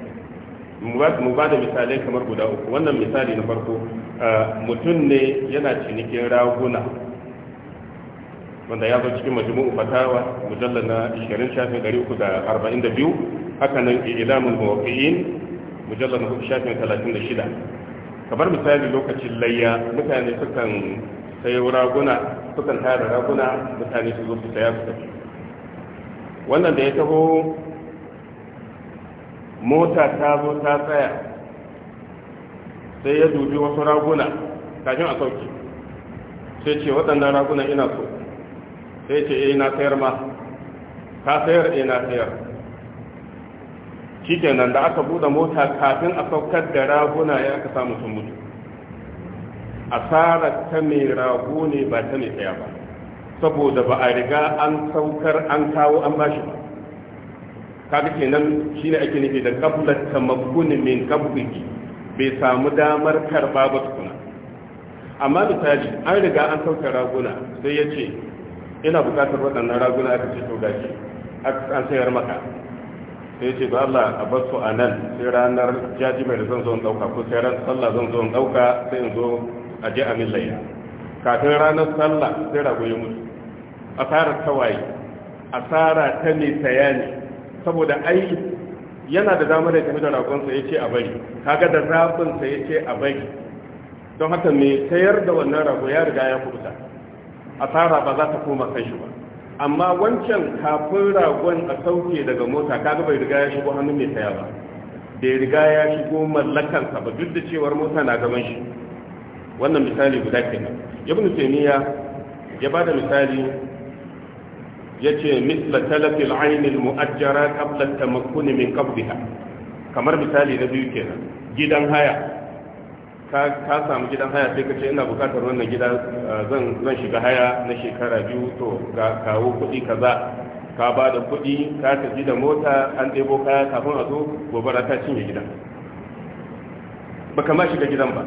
mu ba da misalai kamar guda uku wannan misali na farko ah, mutum ne yana cinikin raguna wanda ya zo cikin majmu'u fatawa mujalla na 20 shafin 342 haka nan ilamul muwaqqi'in mujallal hudu shafin 36 kamar misali lokacin layya mutane sukan sayo raguna sukan tara raguna mutane su zo su saya su tafi wannan da ya taho mota ta zo ta tsaya sai ya dubi wasu raguna kafin a sauki sai ce waɗannan ragunan ina so sai ce ina eh, na sayar ma ka sayar ina eh, na sayar kenan da aka buɗe mota kafin a saukar da raguna ya aka samu sun mutu asarar ta mai rago ne ba ta mai tsaya ba saboda ba a riga an saukar an kawo an bashi ba kaga kenan shi ne ake nufi da ta magunin min gabbiki bai samu damar karba ba tukuna amma misali an riga an sauka raguna sai ya ce ina bukatar waɗannan raguna aka ce to gashi an sayar maka sai ce ba Allah a bar su a nan sai ranar jaji mai da zan zo ɗauka ko sai ran sallah zan zo ɗauka sai in zo a je a min layya kafin ranar sallah sai rago ya mutu asarar waye asara ta ne saya ne saboda ai yana da damar ya tafi da ragon ya ce a bari kaga da rabinsa ya ce a bari don haka me sayar da wannan rago ya riga ya kubuta asara ba za ta koma kai shi ba amma wancan kafin ragon a sauke daga mota kaga bai riga ya shigo hannun mai saya ba bai riga ya shigo mallakansa ba duk da cewar mota na gaban shi wannan misali guda kenan ibn taymiya ya bada misali yace misla talaf al-ayn al-mu'ajjara qabla tamakkun min qabdiha kamar misali na biyu kenan gidan haya ka samu gidan haya sai ka ce ina bukatar wannan gida eh, zan shiga haya na shekara biyu to ga kawo kuɗi kaza ka ba da kuɗi ka tafi da mota an ɗebo kaya kafin a zo gobara ta cinye gidan baka ma shiga gidan ba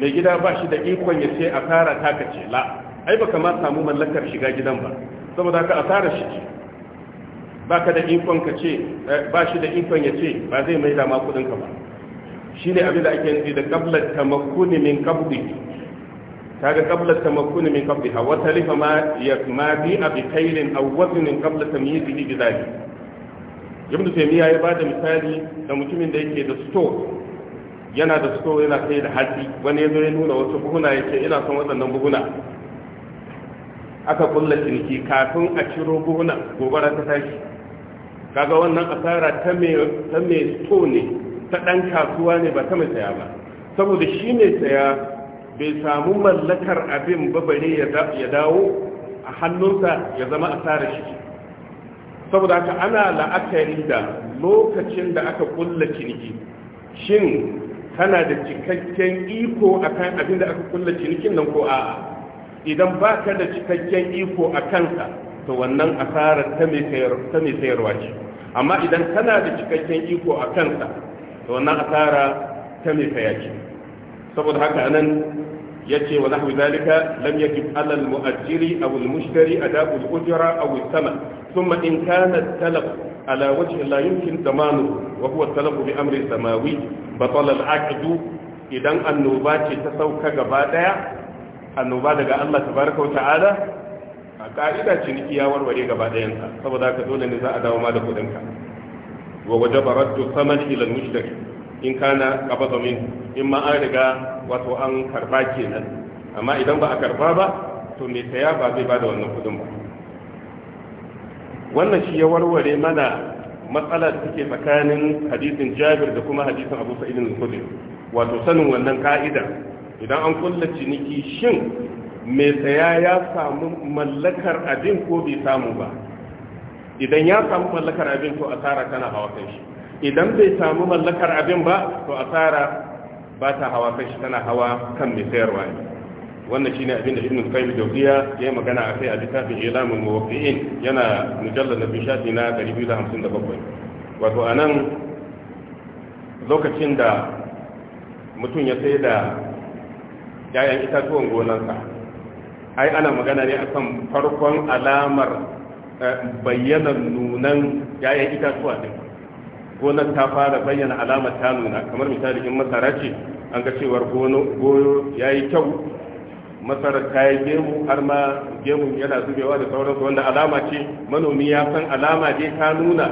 mai gida ba shi da ikon ya ce a fara taka ce la ai baka ma samu mallakar shiga gidan ba saboda ka fara shi ce baka da ikon ka ce eh, ba shi da ikon ya ce ba zai mai dama kuɗinka ba ne abin da ake nufi da kablar tamakuni min ta ga kablar tamakuni min a wata talifa ma kuma bi a bi kailin kablar ta qabla tamyizihi bi dhalik jimdu taymiya ya ba da misali da mutumin da yake da store yana da store yana kai da haji wani zo ya nuna wasu buhuna ya ce ina son waɗannan buhuna aka kulla ciniki kafin a ciro buhuna gobara ta tashi kaga wannan asara ta mai ta mai store ne ta ɗan kasuwa ne ba ta mai saya ba saboda shi mai saya bai samu mallakar abin ba bare ya dawo a hannunsa ya zama asarar shi saboda haka ana la'akari da lokacin da aka kulla ciniki shin kana da cikakken iko a kan abin da aka kulla cinikin nan ko a'a idan ba ka da cikakken iko a kansa to wannan asarar ta mai sayarwa ce amma idan kana da cikakken iko a kansa to wannan asara ta mai fayaki saboda haka anan yace wa nahwi zalika lam yajib ala al mu'ajjiri aw al mushtari ada'u al ujra aw al thaman thumma in kana talab ala wajhi la yumkin damanu wa huwa talab bi amri samawi batala al aqdu idan annoba ce ta sauka gaba daya annoba daga Allah tabaraka wa ta'ala a ka'ida ciniki ya warware gaba ɗayansa saboda haka dole ne za a dawo ma da kuɗinka wa wajaba raddu saman ila mushtari in kana qabada min in ma an riga wato an karba kenan amma idan ba a karba ba to me saya ba zai bada wannan kudin ba wannan shi ya warware mana matsala da take tsakanin hadisin Jabir da kuma hadisin Abu Sa'id al-Khudri wato sanin wannan ka'ida idan an kulla ciniki shin me saya ya samu mallakar abin ko bai samu ba idan ya samu mallakar abin to asara tana hawa kan shi idan bai samu mallakar abin ba to asara ba ta hawa kan shi tana hawa kan mai sayarwa ne wannan shine abin da ibn qayyim jawziya ya yi magana akai a littafin ilamul muwaqqi'in yana mujallal na bishati na 257 wato anan lokacin da mutum ya sai da ‘ya'yan itatuwan sa, ai ana magana ne akan farkon alamar Eh, bayyanar nunan ‘ya'yan itatuwa din. gonar ta fara bayyana alamar ta nuna kamar misali in masara ce an ga cewar goyo ya yi kyau masarar ta yi gemu har ma gemu yana zubewa da sauransu wanda alama ce manomi ya san alama dai ta nuna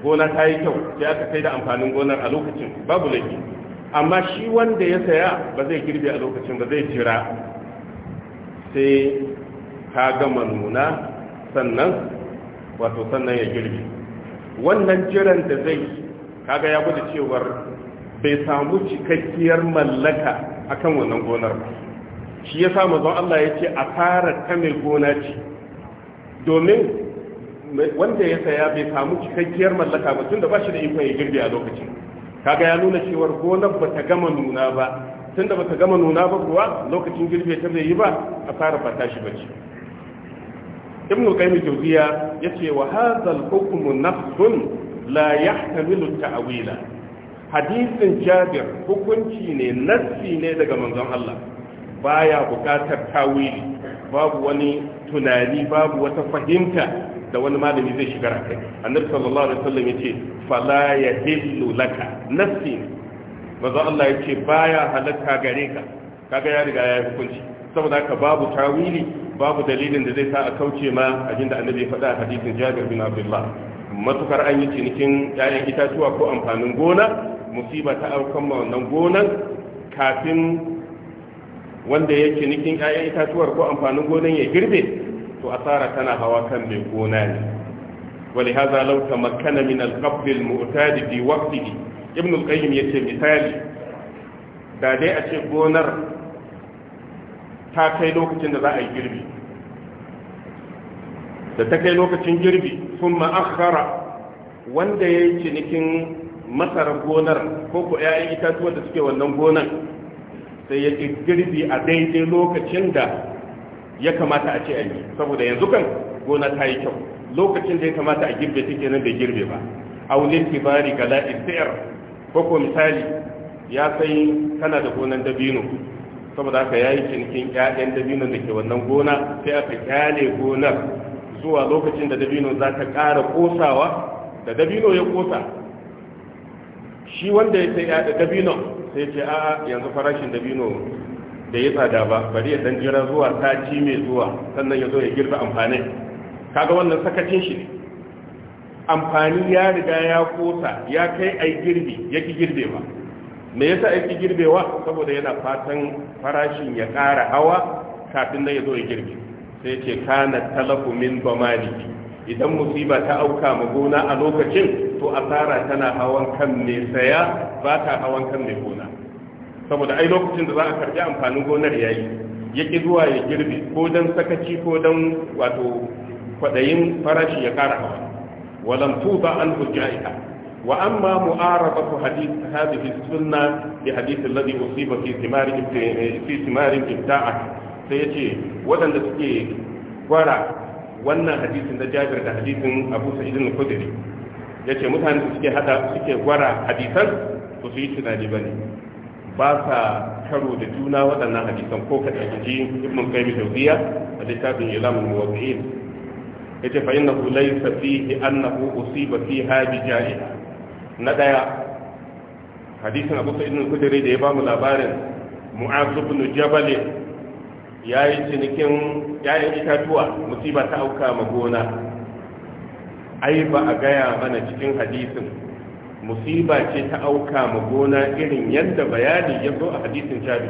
gona ta yi kyau sai aka kai da amfanin gonar a lokacin babu laifi amma shi wanda ya saya ba zai girbe a lokacin ba zai jira sai ka gama nuna sannan wato sannan ya girbe wannan jiran da zai kaga ya gudu cewar bai samu cikakkiyar mallaka akan wannan gonar ba shi ya samu zan Allah ya ce a fara ta gona ce domin wanda ya saya bai samu cikakkiyar mallaka ba tun da ba shi da ikon ya girbe a lokacin kaga ya nuna cewar gonar ba ta gama nuna ba tun da ba ta gama nuna ba kuwa lokacin girbe ta bai yi ba a fara ba shi ba ce ibn qayyim tawbiya yace wa hadha al-hukmu nafsun la yahtamilu ta'wila hadisin jabir hukunci ne nassi ne daga manzon Allah baya bukatar tawili babu wani tunani babu wata fahimta da wani malami zai shiga kai. annabi sallallahu alaihi wasallam yace fala yahillu laka nassi manzon Allah yace baya halatta gare ka kaga ya riga ya hukunci saboda haka babu tawili babu dalilin da zai sa a kauce ma da annabi ya faɗa a hadisin Jabir bin Abdullah matukar an yi cinikin 'ya'yan itatuwa ko amfanin gona musiba ta aukan ma wannan gonan kafin wanda ya cinikin 'ya'yan itatuwar ko amfanin gonan ya girbe to asara tana hawa kan mai gona ne ولهذا لو تمكن من القبض المعتاد في Ibn ابن القيم yace misali da dai a ce gonar ta kai lokacin da za a yi girbi da ta kai lokacin girbi sun ma'akara wanda ya yi cinikin masarar gonar ko ku 'ya'yan itatuwa da suke wannan gonar sai ya yi girbi a daidai lokacin da ya kamata a ce a yi saboda yanzu kan gona ta yi kyau lokacin da ya kamata a girbe take nan da girbe ba aulil kibari ga la'isir ko ko misali ya sai kana da gonan dabino saboda haka yayi cinikin ƴaƴan dabino da ke wannan gona sai aka kyale gonar zuwa lokacin da dabino za ta ƙara kosawa da dabino ya kosa shi wanda ya sai ƴaƴan dabino sai ce a'a yanzu farashin dabino da ya tsada ba bari ya dan jira zuwa sati mai zuwa sannan ya zo ya girba amfanin kaga wannan sakacin shi ne amfani ya riga ya kosa ya kai ai girbi yaki girbe ba me yasa ake girbewa saboda yana fatan farashin ya ƙara hawa kafin nan ya zo ya girbe sai ce kana talafu min bamaliki idan musiba ta auka ma gona a lokacin to asara tana hawan kan mai saya ba ta hawan kan mai gona saboda ai lokacin da za a karbi amfanin gonar yayi yake zuwa ya girbe ko dan sakaci ko dan wato kwadayin farashi ya ƙara hawa walam tuba an hujja'ika وأما معارضة حديث هذه السنة لحديث الذي أصيب في ثمار في ثمار ابداعه سيأتي ودن تسكي ورا wannan hadisin na Jabir da hadisin Abu Sa'id al-Khudri yace mutane da suke hada gwara hadisan to su yi tunani bane ba sa karo da juna waɗannan hadisan ko kaɗan ji Ibn Qayyim Jawziya a na ɗaya hadisin abu sa'id da ya ba mu labarin mu'az ibn jabal yi cinikin yayin itatuwa musiba ta auka ma gona ai ba a gaya mana cikin hadisin musiba ce ta auka ma gona irin yadda bayani ya zo a hadisin jabi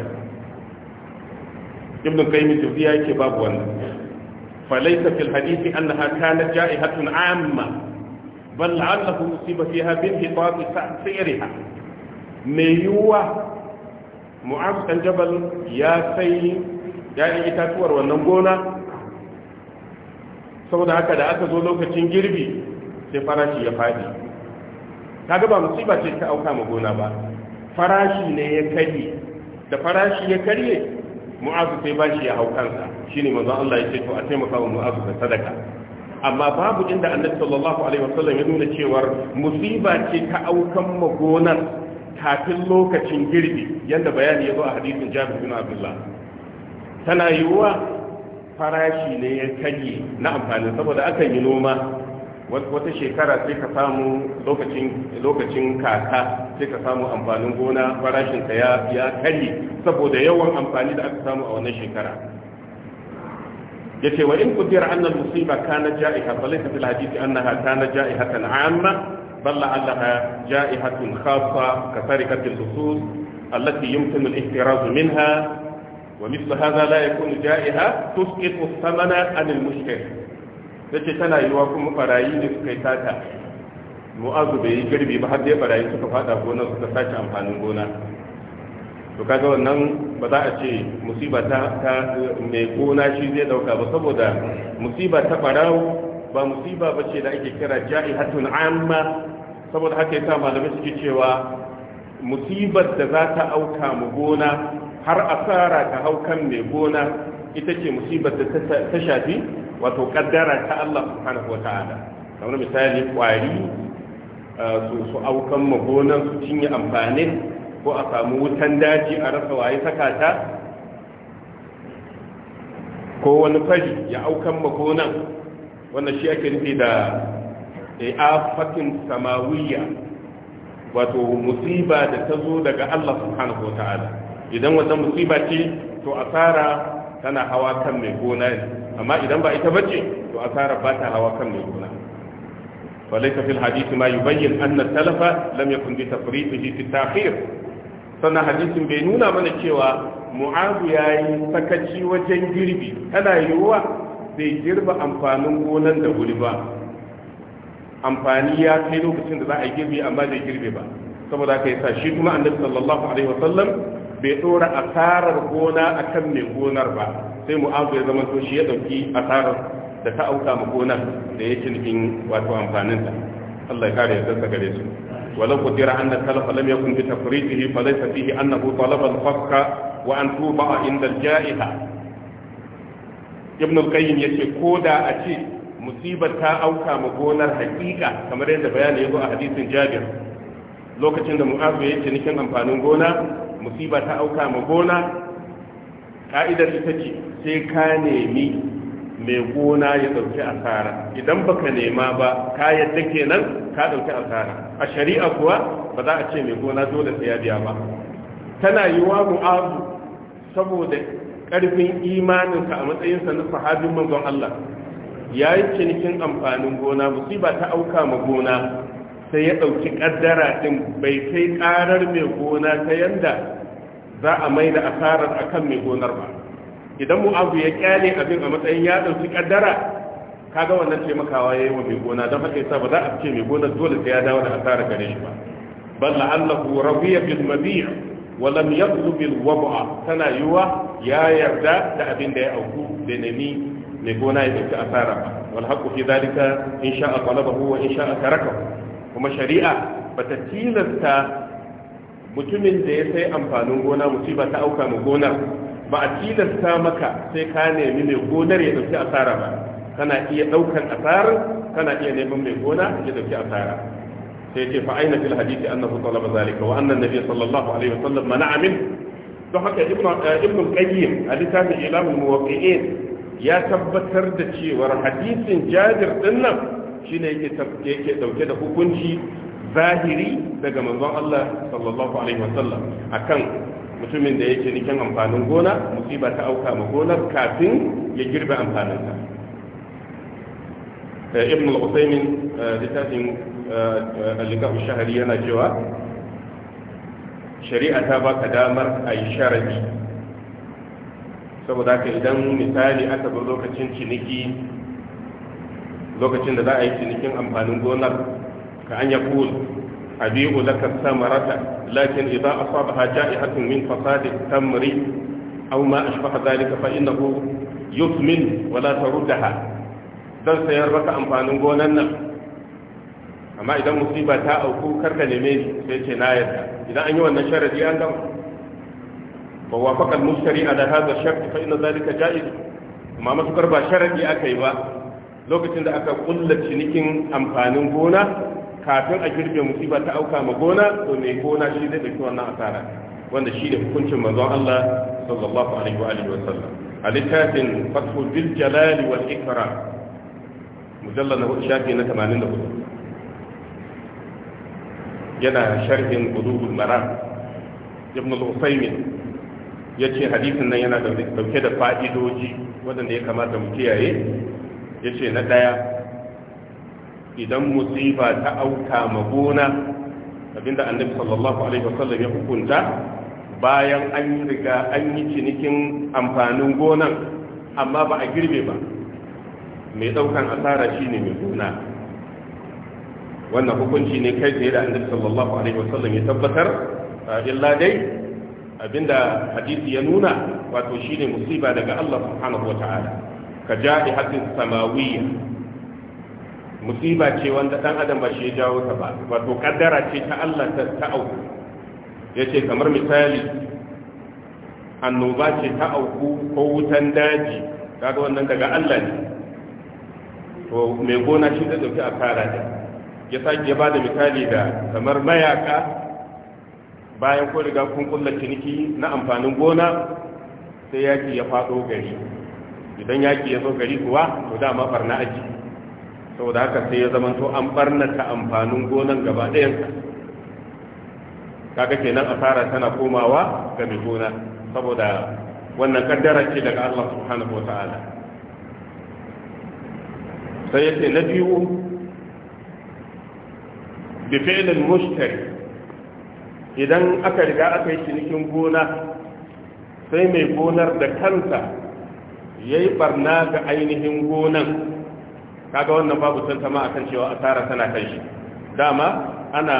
ibn qayyim jawziya yake babu wannan falaita fil hadisi annaha kanat ja'ihatun amma bal la'allahu musiba fiha bin hiqaq sa'irha Me yuwa mu'az dan jabal ya sai ya itatuwar wannan gona saboda haka da aka zo lokacin girbi sai farashi ya fadi kaga ba musiba ce ta auka ma gona ba farashi ne ya karye da farashi ya karye mu'azu sai bashi ya hau kansa shine manzo Allah ya ce to a taimaka wa mu'azu da sadaka amma babu inda annabi sallallahu alaihi wasallam ya nuna cewar musiba ce ta aukan magonar kafin lokacin girbi yadda bayani ya zo a hadisin jabir bin abdullah tana yiwuwa farashi ne ya karye na amfani saboda akan yi noma wata shekara sai ka samu lokacin kaka sai ka samu amfanin gona farashinka ya karye saboda yawan amfani da aka samu a wannan shekara yace wa in qudira anna al-musiba kana ja'iha falaysa fil hadith annaha kana ja'ihatan 'amma bal la'allaha ja'ihatun khassa ka tarikat al-usus allati yumkinu al-ihtiraz minha wa mithla hadha la yakunu ja'iha tusqitu ath-thamana 'an al-mushtari yace tana yiwa kuma barayi ne suka yi tata mu'azu bai yi girbi ba har dai barayi suka fada gonar suka sace amfanin gona to kaga wannan ba za a ce musiba ta mai gona shi zai dauka ba saboda musiba ta barawo ba musiba ba ce da ake kira ja'ihatun amma saboda haka yasa malamai suke cewa musibar da za ta auka mu gona har asara ta haukan mai gona ita ce musibar da ta shafi wato kaddara ta Allah subhanahu wa ta'ala kamar misali kwari eh, su aukan mu gonan su cinye amfanin ko a samu wutan daji a rasa waye saka ta ko wani fari ya aukan makonan wanda shi ake nufi da afatin samawiya, wato musiba da ta zo daga Allah subhanahu wata'ala idan wannan musiba ce to asara tana hawa kan mai gona ne amma idan ba ita bace to asara ba ta hawa kan mai gona فليس في الحديث ما يبين أن التلف لم يكن بتفريطه في التأخير sannan hadisin bai nuna mana cewa mu'azu ya yi sakaci wajen girbi tana yiwuwa bai girba amfanin gonan da wuri ba amfani ya kai lokacin da za a girbi amma bai girbe ba saboda yi sa shi kuma annabi sallallahu alaihi wasallam bai dora asarar gona akan mai gonar ba sai mu'azu ya zama to shi ya dauki asarar da ta auka ma gonar da ya cinikin wato amfanin ta Allah ya kare ya gare su ولو قدر أن السلف لم يكن بتفريطه فليس فيه أنه طلب الفسق وأن توضع عند الجائحة ibn al-qayyim yace ko da a ce musibar ta auka ma gonar hakika kamar yadda bayani ya zo a hadisin jabir lokacin da mu'azu ya ce nikin amfanin gona musiba ta auka ma gona ka'idar ita ce sai ka nemi mai gona ya ɗauki asara idan baka nema ba ka yadda kenan ka ɗauki asara a shari'a kuwa ba za a ce mai gona dole sai ya biya ba tana yi wa mu'azu saboda ƙarfin imaninka a matsayinsa na sahabin manzon Allah ya yi cinikin amfanin gona musiba ta auka ma gona sai ya ɗauki ƙaddara ɗin bai kai ƙarar mai gona ta yanda za a mai da asarar akan mai gonar ba idan mu'azu ya kyale abin a matsayin ya ɗauki kaddara kaga wannan taimakawa ya yi wa mai gona don haka yasa ba za a ce mai gona dole sai ya dawo da asara gare shi ba bal la'allahu rabiya bil mabi' wa lam yaqdu bil wab'a tana yiwa ya yarda da abin da ya auku da nemi mai gona ya dauki asara ba wal haqqu fi dhalika in sha'a talabahu wa in sha'a tarakahu kuma shari'a bata tilasta mutumin da ya sai amfanin gona musiba ta auka mu gonar ba a tilasta maka sai ka nemi mai gonar ya dauki asara ba kana iya daukan asarar kana iya neman mai gona ya dauki asara sai ce fa aina fil hadisi annahu talaba zalika wa anna nabiy sallallahu alaihi wa wasallam mana'a min don haka ibnu eh, ibnu qayyim a littafin ilamul muwaqqi'in ya tabbatar da cewar hadisin jabir din nan shine yake yake dauke da hukunci zahiri daga manzon Allah sallallahu alaihi wa sallam akan mutumin da yake nikin amfanin gona musiba ta auka ma gonar kafin ya girbe amfaninsa eh, ibn al-usaymin eh, littafin eh, al-likahu shahari yana cewa shari'a ta baka damar a yi sharadi saboda ka idan misali aka zo lokacin ciniki lokacin da za a yi cinikin amfanin gonar ka anya ful. أبيع لك الثمرة لكن إذا أصابها جائحة من فساد التمر أو ما أشبه ذلك فإنه يثمن ولا تردها zan sayar maka amfanin gonan nan amma idan musiba ta auku karka neme ni sai ce na yadda. idan an yi wannan sharadi an gama ba wa wafaqal mushtari ala hadha shart fa inna zalika jaiz amma matukar ba sharadi aka yi ba lokacin da aka kulla cinikin amfanin gona kafin a girbe musiba ta auka ma gona ko mai gona shi zai ɗauki wannan asara wanda shi da hukuncin manzon Allah sallallahu alaihi wa alihi wa sallam a littafin fathu bil jalal wal ikram mujallal na shafi na 84 yana sharhin qulubul maram ibn al-usaymin yace hadisin nan yana da dauke da fa'idoji wanda ya kamata mu kiyaye yace na daya idan musiba ta auka ma gona abinda annabi sallallahu alaihi wasallam ya hukunta bayan an riga an yi cinikin amfanin gonan amma ba a girbe ba mai daukan asara shine mai gona wannan hukunci ne kai tsaye da annabi sallallahu alaihi wasallam ya tabbatar illa dai abinda hadisi ya nuna wato shine musiba daga Allah subhanahu wataala ka ja'i hadin samawiyya musiba ce wanda dan adam ba shi ya jawo ta ba wato kaddara ce ta Allah ta ta auku yace kamar misali annoba ce ta auku ko wutan daji kaga wannan daga Allah ne to me gona shi da dauki a fara da ya sake ba bada misali da kamar mayaka bayan ko riga kun kulla ciniki na amfanin gona sai yaki ya fado gari idan yaki ya zo gari kuwa to dama barna aji saboda haka sai ya zama to an barnata amfanin gonan gaba ɗayansa kaga kenan asara tana komawa ga mai gona saboda wannan kaddara ce daga Allah subhanahu wata'ala sai yace na biyu bi fi'lil mushtari idan aka riga aka yi cinikin gona sai mai gonar da kansa yayi barna ga ainihin gonan kaga wannan babu tantama akan cewa asara tana kan shi dama ana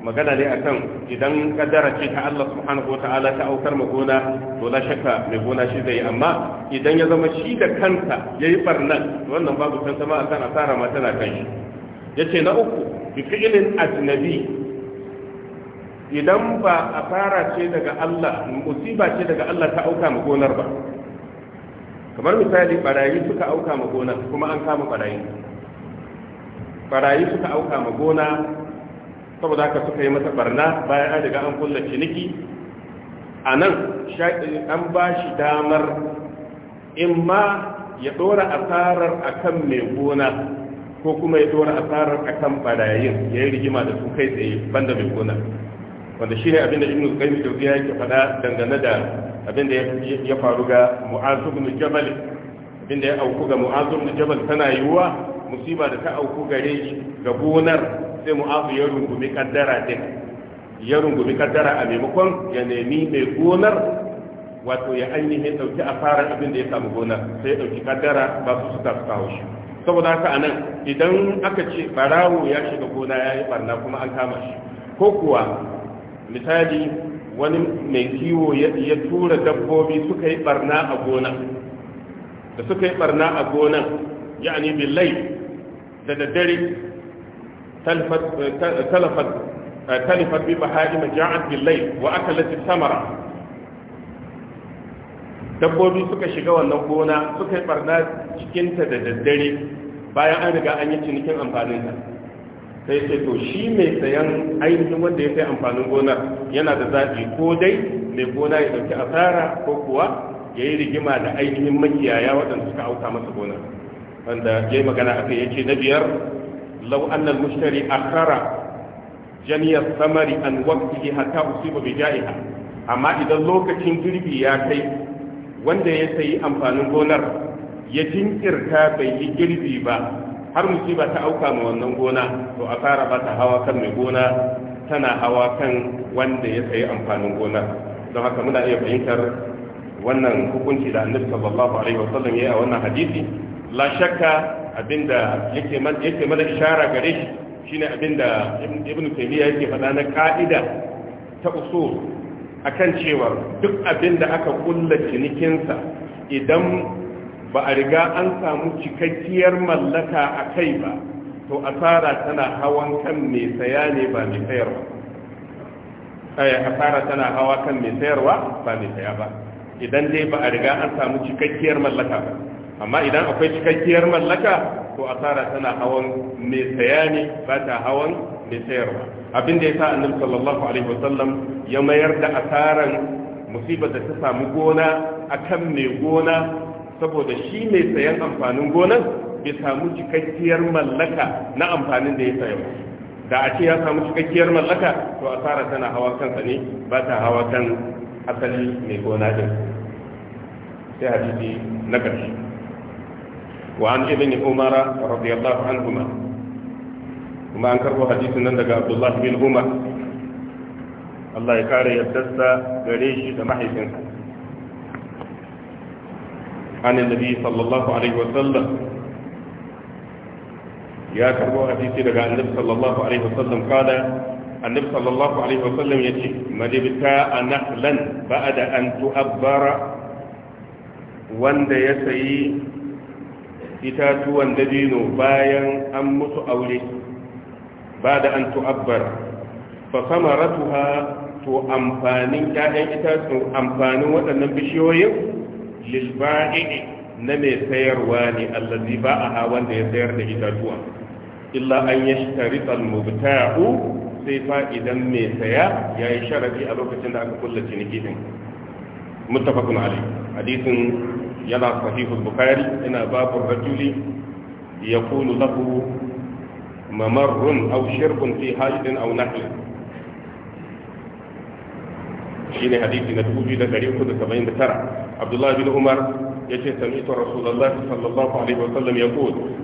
magana ne akan idan kaddara ce ta Allah subhanahu wataala ta aukar ma gona to la shakka mai gona shi zai amma idan ya zama shi da kansa yayi barnan wannan babu tantama akan asara ma tana kan shi yace na uku bi fi'lin ajnabi idan ba asara ce daga Allah musiba ce daga Allah ta auka ma gonar ba kamar misali barayi suka auka ma gona kuma an kama barayi barayi suka auka ma gona saboda haka suka yi masa barna bayan an daga an kulla ciniki a nan an ba shi damar in ma ya dora asarar akan mai gona ko kuma ya dora asarar akan barayin ya yi rigima da su kai tsaye banda mai gona wanda shi ne abinda ibn qayyim ya yake faɗa dangane da abinda ya faru ga mu'azu bin jabal abinda ya auku ga mu'azu bin jabal tana yiwuwa musiba da ta auku gare shi ga gonar sai mu'azu ya rungumi kaddara din ya rungumi kaddara a maimakon ya nemi mai gonar wato ya ainihin dauki asarar abin da ya samu gonar sai ya dauki kaddara ba su suka su kawo shi saboda haka anan idan aka ce barawo ya shiga gona ya yi barna kuma an kama shi ko kuwa misali wani mai kiwo ya tura dabbobi suka yi barna a gona da suka yi barna a gona yani billai da daddare eh, eh, talifat bi baha'ima ja'at billai wa akalat samara dabbobi suka shiga wannan gona suka yi barna cikinta da daddare bayan an riga an yi cinikin amfaninta sai sai to shi mai sayan ainihin wanda ya sai amfanin gonar yana da zaɓi ko dai mai gona ya ɗauki asara ko kuwa ya yi rigima da ainihin makiyaya waɗanda suka auka masa gonar wanda ya yi magana a kai na biyar lau annal mushtari akhara janiyar samari an waqtihi hatta usiba bi ja'iha amma idan lokacin girbi ya kai wanda ya sayi amfanin gonar ya jinkirta bai yi girbi ba har musiba ta auka ma wannan gona to a ba bata hawa kan mai gona tana hawa kan wanda ya sayi amfanin gona don haka muna iya fahimtar wannan hukunci da annabi sallallahu alaihi wasallam yayi a wannan hadisi la shakka abinda yake man yake mana shara gare shi shine abinda ibnu taymiya yake faɗa na ka'ida ta usul akan cewa duk abinda aka kulla cinikinsa idan ba a riga an samu cikakkiyar mallaka a kai ba to asara tana hawan kan mai saya ne ba mai sayarwa eh, asara tana hawa kan mai sayarwa ba mai saya ba idan dai ba a riga an samu cikakkiyar mallaka ba amma idan akwai cikakkiyar mallaka to asara tana hawan mai saya ne ba ta hawan mai sayarwa abin da ya sa annabi sallallahu alaihi wasallam ya mayar da asaran musibar da ta samu gona akan mai gona saboda shi mai sayan amfanin gonan bai samu cikakkiyar mallaka na amfanin da ya saya ba da a ce ya samu cikakkiyar mallaka to asara tana hawa kansa ne ba ta hawa kan asali mai gona din sai hadisi na ƙarshe wa an ibn umara radiyallahu anhuma kuma an karbo hadisi nan daga abdullahi bin umar Allah ya kare yardarsa gare shi da mahaifinsa عن النبي صلى الله عليه وسلم يا كربو حديثي لقى النبي صلى الله عليه وسلم قال النبي صلى الله عليه وسلم يجي من ابتاء نخلا بعد أن تؤبر wanda ya sayi itatuwan dabino bayan an mutu aure ba da an tu'abbar fa samaratuha to amfanin ƴaƴan itatuwan amfanin waɗannan bishiyoyin lilba'i na mai sayarwa ne allazi ba a ha wanda ya sayar da itatuwa illa an ya sharifa mubta'u sai fa idan mai saya ya yi sharafi a lokacin da aka kulla ciniki din muttafaqun alayh hadisin yana sahihul bukhari ina babu rajuli yaqulu lahu mamarrun aw shirbun fi hajdin aw nahlin shine hadisi na 2379 abdullahi bin umar yace ta rasulullahi sallallahu alaihi wasallam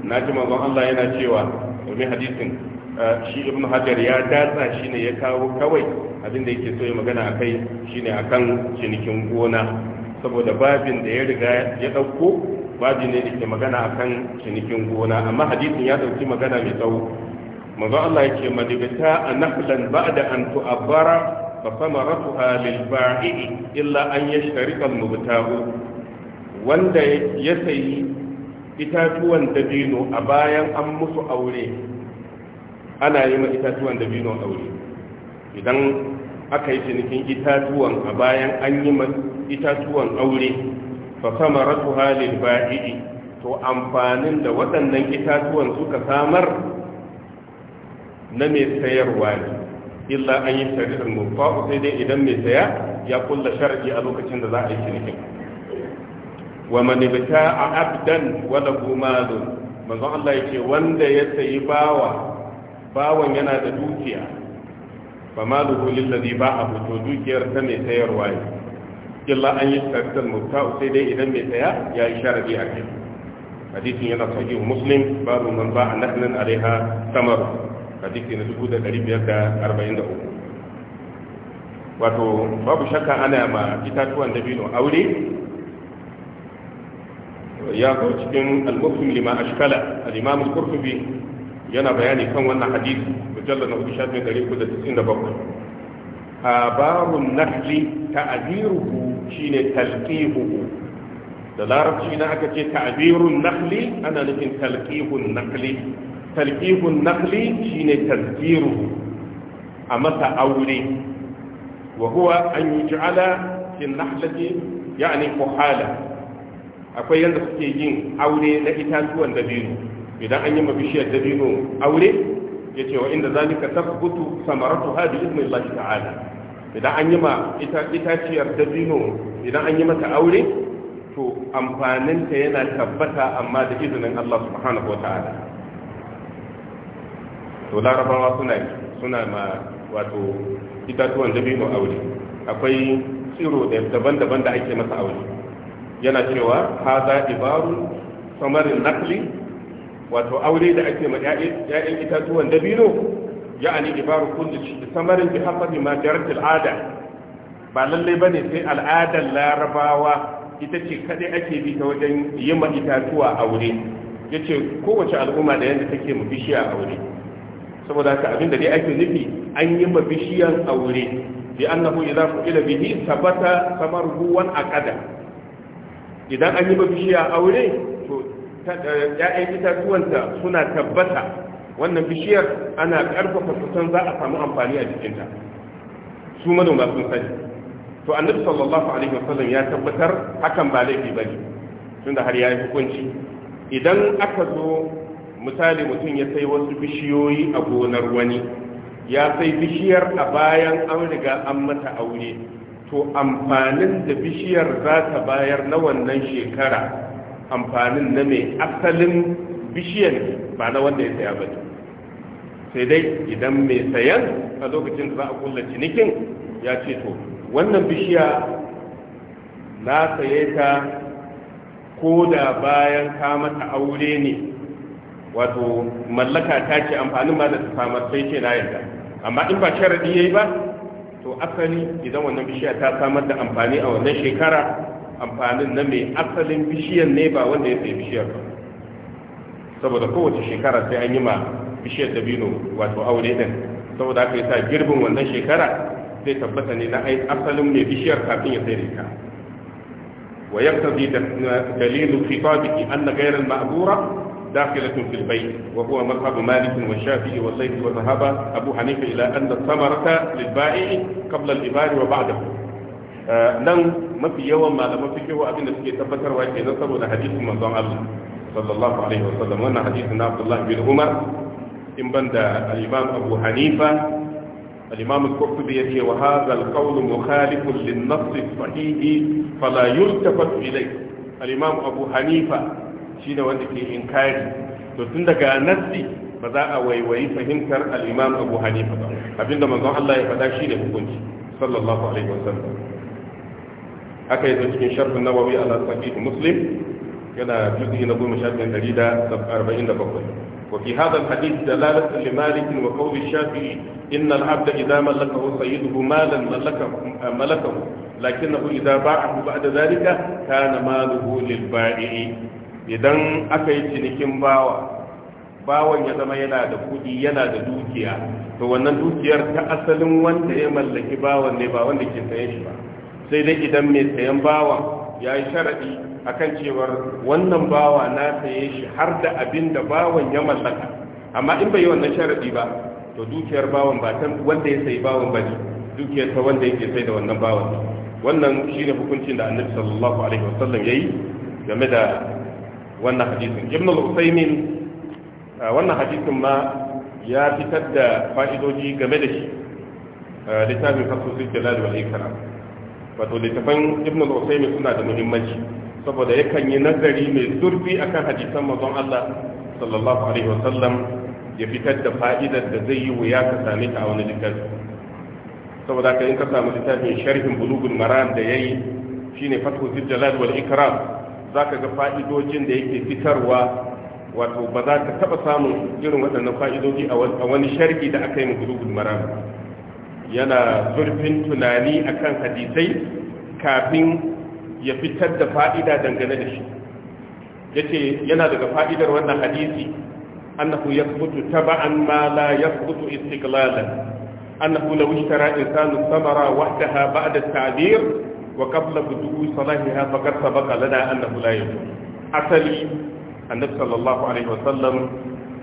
Na naji manzon Allah yana cewa domin hadisin ah, shi ibn hajar ya datsa shi ne ya kawo kawai abin da yake so ya magana a kai shi ne a kan cinikin gona saboda babin da ya riga ya ɗauko babi ne da ke magana a kan cinikin gona amma hadisin ya ɗauki magana mai tsawo manzo Allah ya ce madibta a ba da an tu'abbara fa samaratuha lil ba'i illa an yashtarika al-mubta'u wanda ya sayi itatuwan dabino a bayan an musu aure ana yi ma itatuwan dabino aure idan aka yi cinikin itatuwan a bayan an yi ma itatuwan aure fa samaratuha halin ba'i to amfanin da waɗannan itatuwan suka samar na mai sayarwa ne illa an yi shari'ar mutfa'u sai dai idan mai saya ya kulla shar'i a lokacin da za a yi cinikin wa man bita a abdan wa lahu malun manzo Allah yake wanda ya sayi bawa bawan yana da dukiya Ba fa maluhu ba a hoto dukiyar ta mai sayarwa ne illa an yi shari'ar mutfa'u sai dai idan mai saya ya yi sharadi a kai hadisin yana sahih muslim babu man ba'a nahlan alaiha samar. hadisi na wato babu shakka ana ma itatuwan dabino aure ya zo cikin al lima al-imam al yana bayani kan wannan hadisi mujallal na 1397 a nahli shine talqihuhu da larabci na aka ce ta'zirun nahli ana nufin talqihun nahli talqihun nakli shine tazkiruhu a masa aure wa huwa an yuj'ala fi nahlati kuhala akwai yanda suke yin aure na itatuwan dabino idan an yi ma bishiyar dabino aure ce wa inda zalika tasbutu samaratuha bi idnillah ta'ala idan an yi ma itaciyar dabino idan an yi mata aure to amfaninta yana tabbata amma da izinin Allah subhanahu wa ta'ala to larabawa suna suna ma wato itatuwan dabino aure akwai tsiro daban-daban da ake masa aure yana cewa haza ibaru samarin nakli wato aure da ake ma ya'yan itatuwan dabino ya'ani ibaru shi samarin bi hasabi ma jarat al'ada ba lalle bane sai al'adar larabawa ita ce kadai ake bi ta wajen yi ma itatuwa aure yace kowace al'umma da yanda take mu bishiya aure saboda haka abin da dai ake nufi an yi ma bishiyan aure bi annahu idza qila bihi sabata samaruhu huwan aqada idan an yi ma bishiya aure to eh, ya'yan tuwanta suna tabbata wannan bishiyar ana karfafa kusan za a samu amfani a ta su manoma sun sani to annabi sallallahu alaihi wasallam ya tabbatar hakan ba laifi bane tunda har yayi hukunci idan aka zo misali mutum ya sai wasu bishiyoyi a gonar wani ya sai bishiyar a bayan an riga an mata aure to amfanin da bishiyar za ta bayar na wannan shekara amfanin na mai asalin bishiyar ba na wanda ya saya ba sai dai idan mai sayan a lokacin da za a kulla cinikin ya ce to wannan bishiya na saye ta ko da bayan ka mata aure ne wato mallaka ta ce amfanin ma da ta samar sai ce na yarda amma in ba sharadi yayi ba to asali idan wannan bishiya ta samar da amfani a wannan shekara amfanin na mai asalin bishiyar ne ba wanda ya sai bishiyar ba saboda kowace shekara sai an yi ma bishiyar dabino wato aure din saboda aka yi sa girbin wannan shekara zai tabbata ne na asalin mai bishiyar kafin ya sai da ita wa yaktazi dalilu khitabihi anna ghayra al-ma'bura داخلة في البيت وهو مذهب مالك والشافعي والليل وذهب أبو حنيفة إلى أن الثمرة للبائع قبل الإبار وبعده لن آه، نعم، ما في يوم ما لم في هو أبن في تفتر وإن نصر لحديث من ضع الله صلى الله عليه وسلم وأن حديث عبد الله بن عمر إن بند الإمام أبو حنيفة الإمام القرطبي هي وهذا القول مخالف للنص الصحيح فلا يلتفت إليه الإمام أبو حنيفة shine wanda ke inkari to tun daga nassi ba za a waiwayi fahimtar al-imam Abu Hanifa ba abinda manzon Allah ya faɗa shine hukunci sallallahu alaihi wasallam haka yazo cikin sharh an-Nawawi ala sahih Muslim yana juz'i na 10147 وفي هذا الحديث دلالة لمالك وقول الشافعي إن العبد إذا ملكه سيده مالا ملكه, ملكه لكنه إذا باعه بعد ذلك كان ماله للبائع idan aka yi cinikin bawa bawan ya zama yana da kuɗi yana da dukiya to wannan dukiyar ta asalin wanda ya mallaki bawan ne ba wanda ke sayan shi ba sai dai idan mai sayan bawan ya yi sharaɗi akan cewar wannan bawa na saye shi har da abin da bawan ya mallaka amma in bai yi wannan sharaɗi ba to dukiyar bawan ba ta wanda ya sayi bawan ba ne dukiyar ta wanda yake sai da wannan bawan wannan shine hukuncin da annabi sallallahu alaihi wasallam yayi game da wannan hadisin ibn al-usaymin wannan hadisin ma ya fitar da fa'idoji game da shi littafin fasosin jalal wal ikram wato littafin ibn al-usaymin suna da muhimmanci saboda yakan yi nazari mai zurfi akan hadisan manzon Allah sallallahu alaihi wasallam ya fitar da fa'idar da zai yi wuya ka same ta a wani littafi saboda ka in ka samu littafin sharhin bulugul maram da yayi shine fatu jalal wal ikram za ka ga fa'idojin da yake fitarwa wato ba za ka taɓa samun irin waɗannan fa'idoji a wani sharhi da aka yi gudugul ba? yana zurfin tunani akan hadisai kafin ya fitar da fa'ida dangane da shi ce yana daga fa'idar wannan hadisi annahu yathbutu taba'an ma la yathbutu istiqlalan annahu law ishtara insanu thamara wahdaha ba'da da tadir وقبل بدو صلاحها فقد سبق لنا أنه لا يجوز أصلي النبي صلى الله عليه وسلم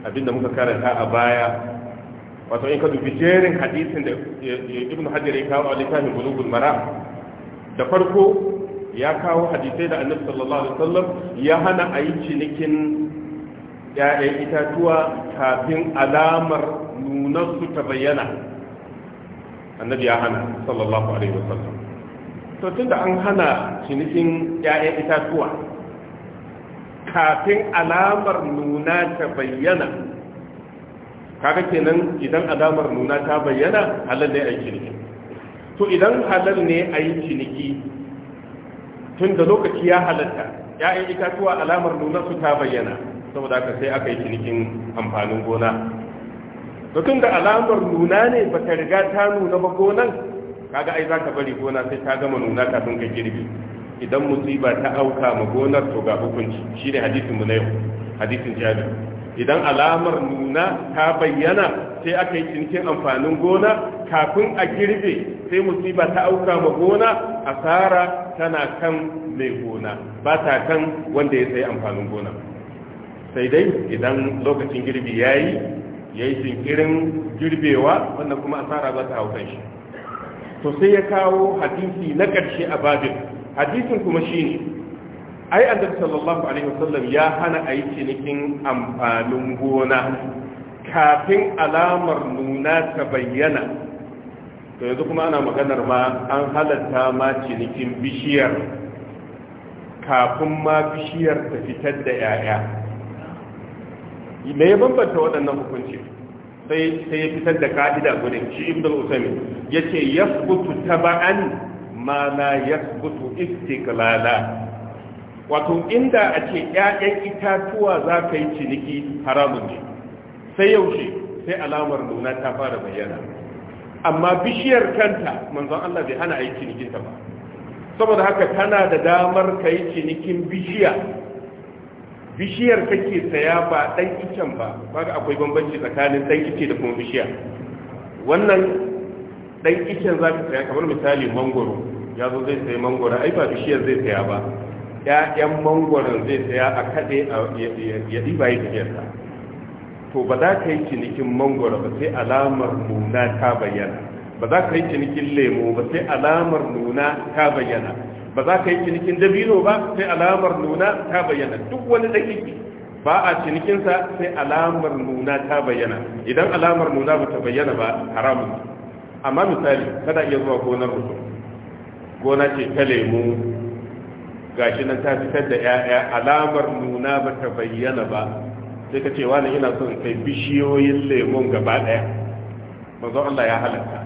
abinda muka karanta a baya wato in ka dubi jerin hadisin da ibnu hajar ya kawo a littafin bulugul mara da farko ya kawo hadisai da annabi sallallahu alaihi wasallam ya hana a yi cinikin ya'yan itatuwa kafin alamar nunarsu ta bayyana annabi ya hana sallallahu alaihi wasallam to da an hana cinikin 'ya'yan itatuwa kafin alamar nuna ta bayyana kaga kenan idan alamar nuna ta bayyana halal ne a yi ciniki to idan halal ne a yi ciniki tun da lokaci ya halatta ya'yan itatuwa alamar nuna su ta bayyana saboda ka sai aka yi cinikin amfanin gona to tun da alamar nuna ne ba ta riga ta nuna ba gonan kaga ai ka bari gona sai ta gama nuna kafin ka girbi idan musiba ta auka ma gonar to ga hukunci shine hadisin mu na yau hadisin jabir idan alamar nuna ta bayyana sai aka yi cinikin amfanin gona kafin a girbe sai musiba ta auka ma gona asara tana kan mai gona ba ta kan wanda ya sayi amfanin gona sai dai idan lokacin girbi ya yi ya yi jinkirin girbewa wannan kuma asara za ta hau kan shi to sai ya kawo hadisi na ƙarshe a babin hadisin kuma shi ne. ai annabi sallallahu alaihi wasallam ya hana a yi cinikin amfanin gona kafin alamar nuna ta bayyana to yanzu kuma ana maganar ma an halatta ma cinikin bishiyar kafin ma bishiyar ta fitar da 'ya'ya me ya bambanta waɗannan hukuncin sai sai ya fitar da ka'ida gudun shi ibnu al yace yasbutu taban ma la yasbutu istiqlala wato inda a ce 'ya'yan itatuwa za ka yi ciniki haramun ne sai yaushe sai alamar nuna ta fara bayyana amma bishiyar kanta manzon Allah bai hana a yi cinikinta ba saboda haka tana da damar ka yi cinikin bishiya bishiyar kake saya ba dan kicin ba ga akwai bambanci tsakanin dan kicin da kuma bishiya wannan dan kicin za ka saya kamar misali mangoro ya zo zai saya mangoro ai ba bishiyar zai saya ba ƴaƴan mangoron zai saya a kaɗe ya ɗiba yi tafiyarsa to ba za ka yi cinikin mangoro ba sai alamar nuna ta bayyana ba za ka yi cinikin lemo ba sai alamar nuna ta bayyana ba za ka yi cinikin dabino ba sai alamar nuna ta bayyana duk wani dakiki ba a cinikinsa sai alamar nuna ta bayyana idan alamar nuna ba ta bayyana ba haramun amma misali kada iya zuwa gonar mutum gona ce ta lemu gashi nan ta fitar da 'ya'ya alamar nuna ba ta bayyana ba sai ka ce wani ina son kai bishiyoyin lemun gaba daya manzo Allah ya halatta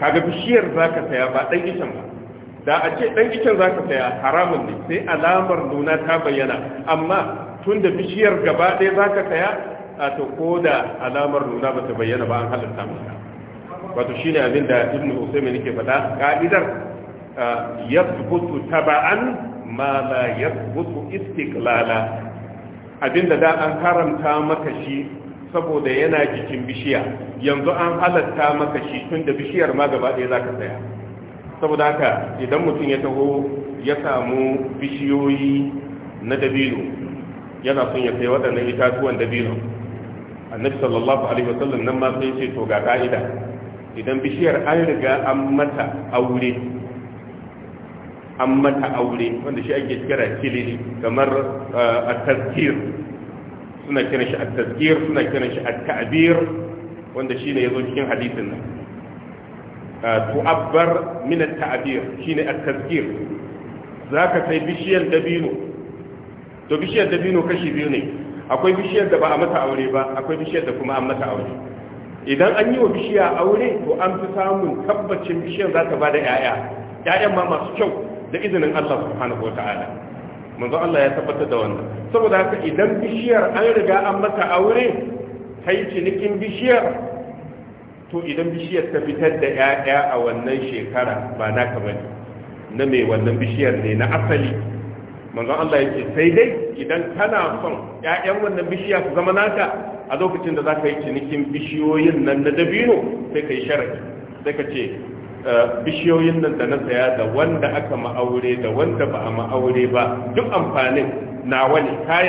kaga bishiyar zaka saya ba dan ishan ba da a ce dan kicin zaka saya haramun ne sai alamar nuna ta bayyana amma tun bishiyar gaba ɗaya zaka saya a to ko da alamar nuna ba ta bayyana ba an halatta maka wato shine abin da ibn usaymin yake faɗa ka'idar yasbutu taba'an ma la yasbutu istiqlala Abin da an haramta maka shi saboda yana jikin bishiya yanzu an halatta maka shi tun bishiyar ma gaba ɗaya zaka saya saboda haka idan mutum ya taho ya samu bishiyoyi na dabino yana son ya sai waɗannan itatuwan dabino annabi sallallahu alaihi wasallam nan ma sai ce to ga ka'ida idan bishiyar an riga an mata aure an mata aure wanda shi ake kira kilili kamar eh, at-tazkir suna kiran shi at-tazkir suna kiran shi at-ta'bir wanda shine yazo cikin hadisin nan tu'abbar min at-ta'bir shine at-tazkir zaka sai bishiyar dabino to bishiyar dabino kashi biyu ne akwai bishiyar da ba a mata aure ba akwai bishiyar da kuma an mata aure idan an yi wa bishiya aure to an fi samun tabbacin bishiyar za ta da 'ya'ya ƴaƴan ma masu kyau da izinin Allah subhanahu wataala manzo Allah ya tabbatar da wannan saboda haka idan bishiyar an riga an mata aure kai cinikin bishiyar to idan bishiyar ta fitar da 'ya'ya a wannan shekara ba na ka bane na mai wannan bishiyar ne na asali manzon Allah ya ce sai dai idan kana son ƴaƴan wannan bishiya su zama naka a lokacin da za ka yi cinikin bishiyoyin nan na dabino sai ka yi sharadi sai ka ce eh, bishiyoyin nan da na saya da wanda aka ma'aure da wanda ba a ma'aure ba duk amfanin nawa ne ka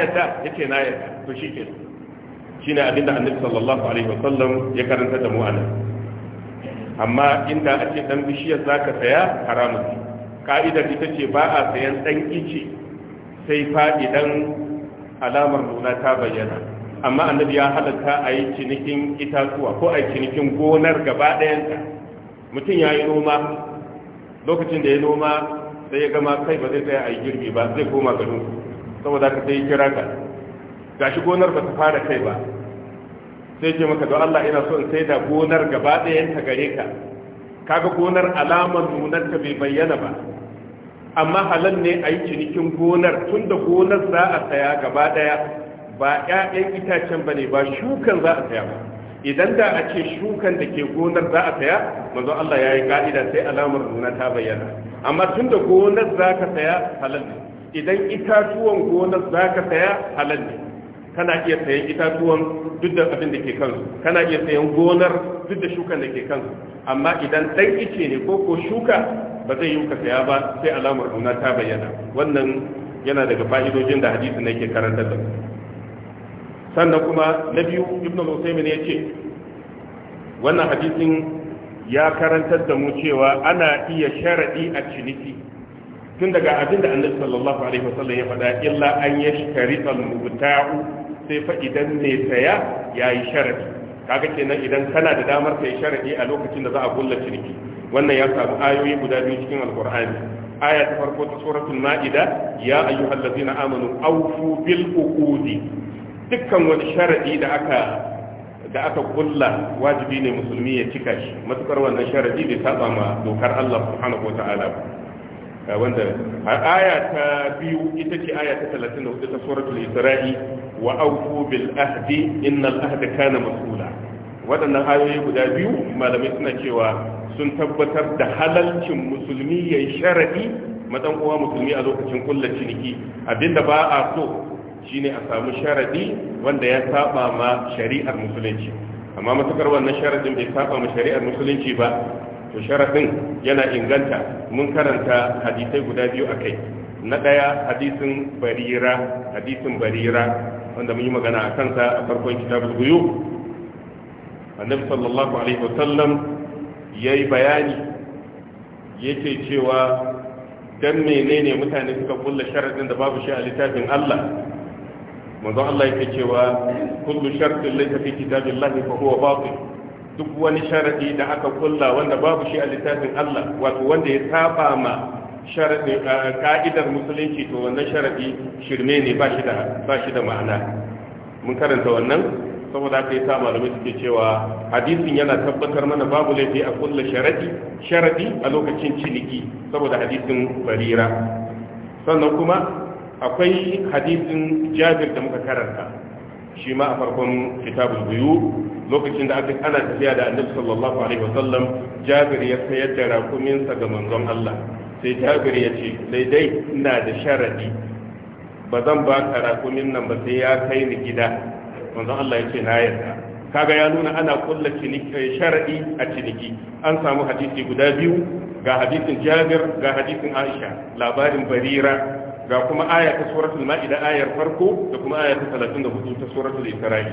yake na yarda to shi ke su shine abinda annabi sallallahu alaihi wa sallam ya karanta da mu anan amma inda a dan bishiyar zaka saya haramun ka'idar ita ce ba a sayan dan ice sai faɗi dan alamar nuna ta bayyana amma annabi ya halatta a yi cinikin itatuwa ko a cinikin gonar gaba ɗayanta mutum ya yi noma lokacin da ya noma sai ya gama kai ba zai tsaya a yi girbi ba zai koma garin saboda ka sai kira ka gashi gonar ba ta fara kai ba sai ce maka don Allah ina so in sai da gonar gaba ta gare ka kaga gonar alamar nunar ka bai bayyana ba amma halal ne a yi cinikin gonar tun da gonar za a saya gaba daya ba ƴaƴan itacen ba ne ba shukan za a saya ba idan da a ce shukan da ke gonar za a saya manzo Allah ya yi ka'ida sai alamar nuna ta bayyana amma tun da gonar za ka saya halal ne idan itatuwan gonar za ka saya halal ne kana iya sayan itatuwan duk da abin da ke kansu kana iya sayan gonar duk da shukan da ke kansu amma idan ɗan ice ne ko ko shuka ba zai yi ka saya ba sai alamar nuna ta bayyana wannan yana daga fa'idojin da hadisi ne ke karanta da sannan kuma na biyu ibn al-usaymin ya ce wannan hadisin ya karantar da mu cewa ana iya sharadi a ciniki tun daga abin da annabi sallallahu alaihi wasallam ya faɗa illa an yashkari al-mubta'u sai fa idan ne saya ya yi sharadi kaga kenan idan kana da damar kai sharadi a lokacin da za a kulla ciniki wannan ya samu ayoyi guda biyu cikin alkur'ani aya ta farko ta suratul ma'ida ya ayyuhallazina amanu awfu bil uqudi dukkan wani sharadi da aka da aka kulla wajibi ne musulmi ya cika shi matukar wannan sharadi bai saba ma dokar Allah subhanahu wataala wanda aya ta biyu ita ce aya ta 34 ta suratul isra'i wa auku bil ahdi innal ahda kana mas'ula waɗannan ayoyi guda biyu malamai suna cewa sun tabbatar da halalcin musulmi ya yi sharaɗi matsan uwa musulmi a lokacin kulla ciniki abinda ba a so shine a samu sharaɗi wanda ya saba ma shari'ar musulunci amma matukar wannan sharaɗin bai saba ma shari'ar musulunci ba to sharaɗin yana inganta mun karanta hadisai guda biyu a kai na ɗaya hadisin barira hadisin barira wanda mun yi magana a kansa a farkon kitabul buyu annabi sallallahu alaihi wasallam yayi bayani yake cewa dan menene mutane suka kulla sharadin da babu shi a littafin Allah manzo Allah yake cewa kullu shartin laysa fi kitabillahi fa huwa batil duk wani sharadi da aka kulla wanda babu shi a littafin Allah wato wanda ya saba ma ka'idar musulunci to wannan sharadi shirme ne ba shi da ma'ana mun karanta wannan saboda yi yasa malamai suke cewa hadisin yana tabbatar mana babu laifi a kulla sharadi sharadi a lokacin ciniki saboda hadisin barira sannan kuma akwai hadisin jabir da muka karanta shi ma a farkon kitabul buyu lokacin da aka ana tafiya da annabi sallallahu alaihi wasallam jabir ya sayar da rakuminsa ga manzon Allah sai jabir ya ce Daidai ina da sharadi ba zan ba ka rakumin nan ba sai ya kai ni gida manzon Allah ya ce na yarda kaga ya nuna ana kulla ciniki eh, sharadi a ciniki an samu hadisi guda biyu ga hadisin Jabir ga hadisin Aisha labarin Barira ga kuma aya ta suratul ma'ida ayar farko da kuma aya ta 34 ta suratul isra'i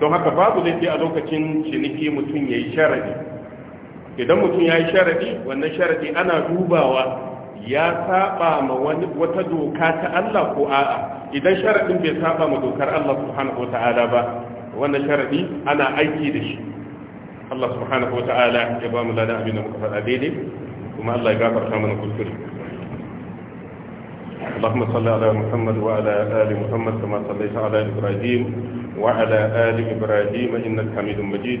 don haka babu laifi a lokacin ciniki mutum yayi sharadi idan mutum ya yi sharadi wannan sharadi ana dubawa ya saba ma wata doka ta Allah ko a'a idan sharadin bai saba ma dokar Allah subhanahu wata'ala ba wannan sharadi ana aiki da shi Allah subhanahu wata'ala ya ba mu lada abin da muka faɗa daidai kuma Allah ya gafarta mana kuskure اللهم صل على محمد وعلى آل محمد كما صليت على إبراهيم وعلى آل إبراهيم إنك حميد مجيد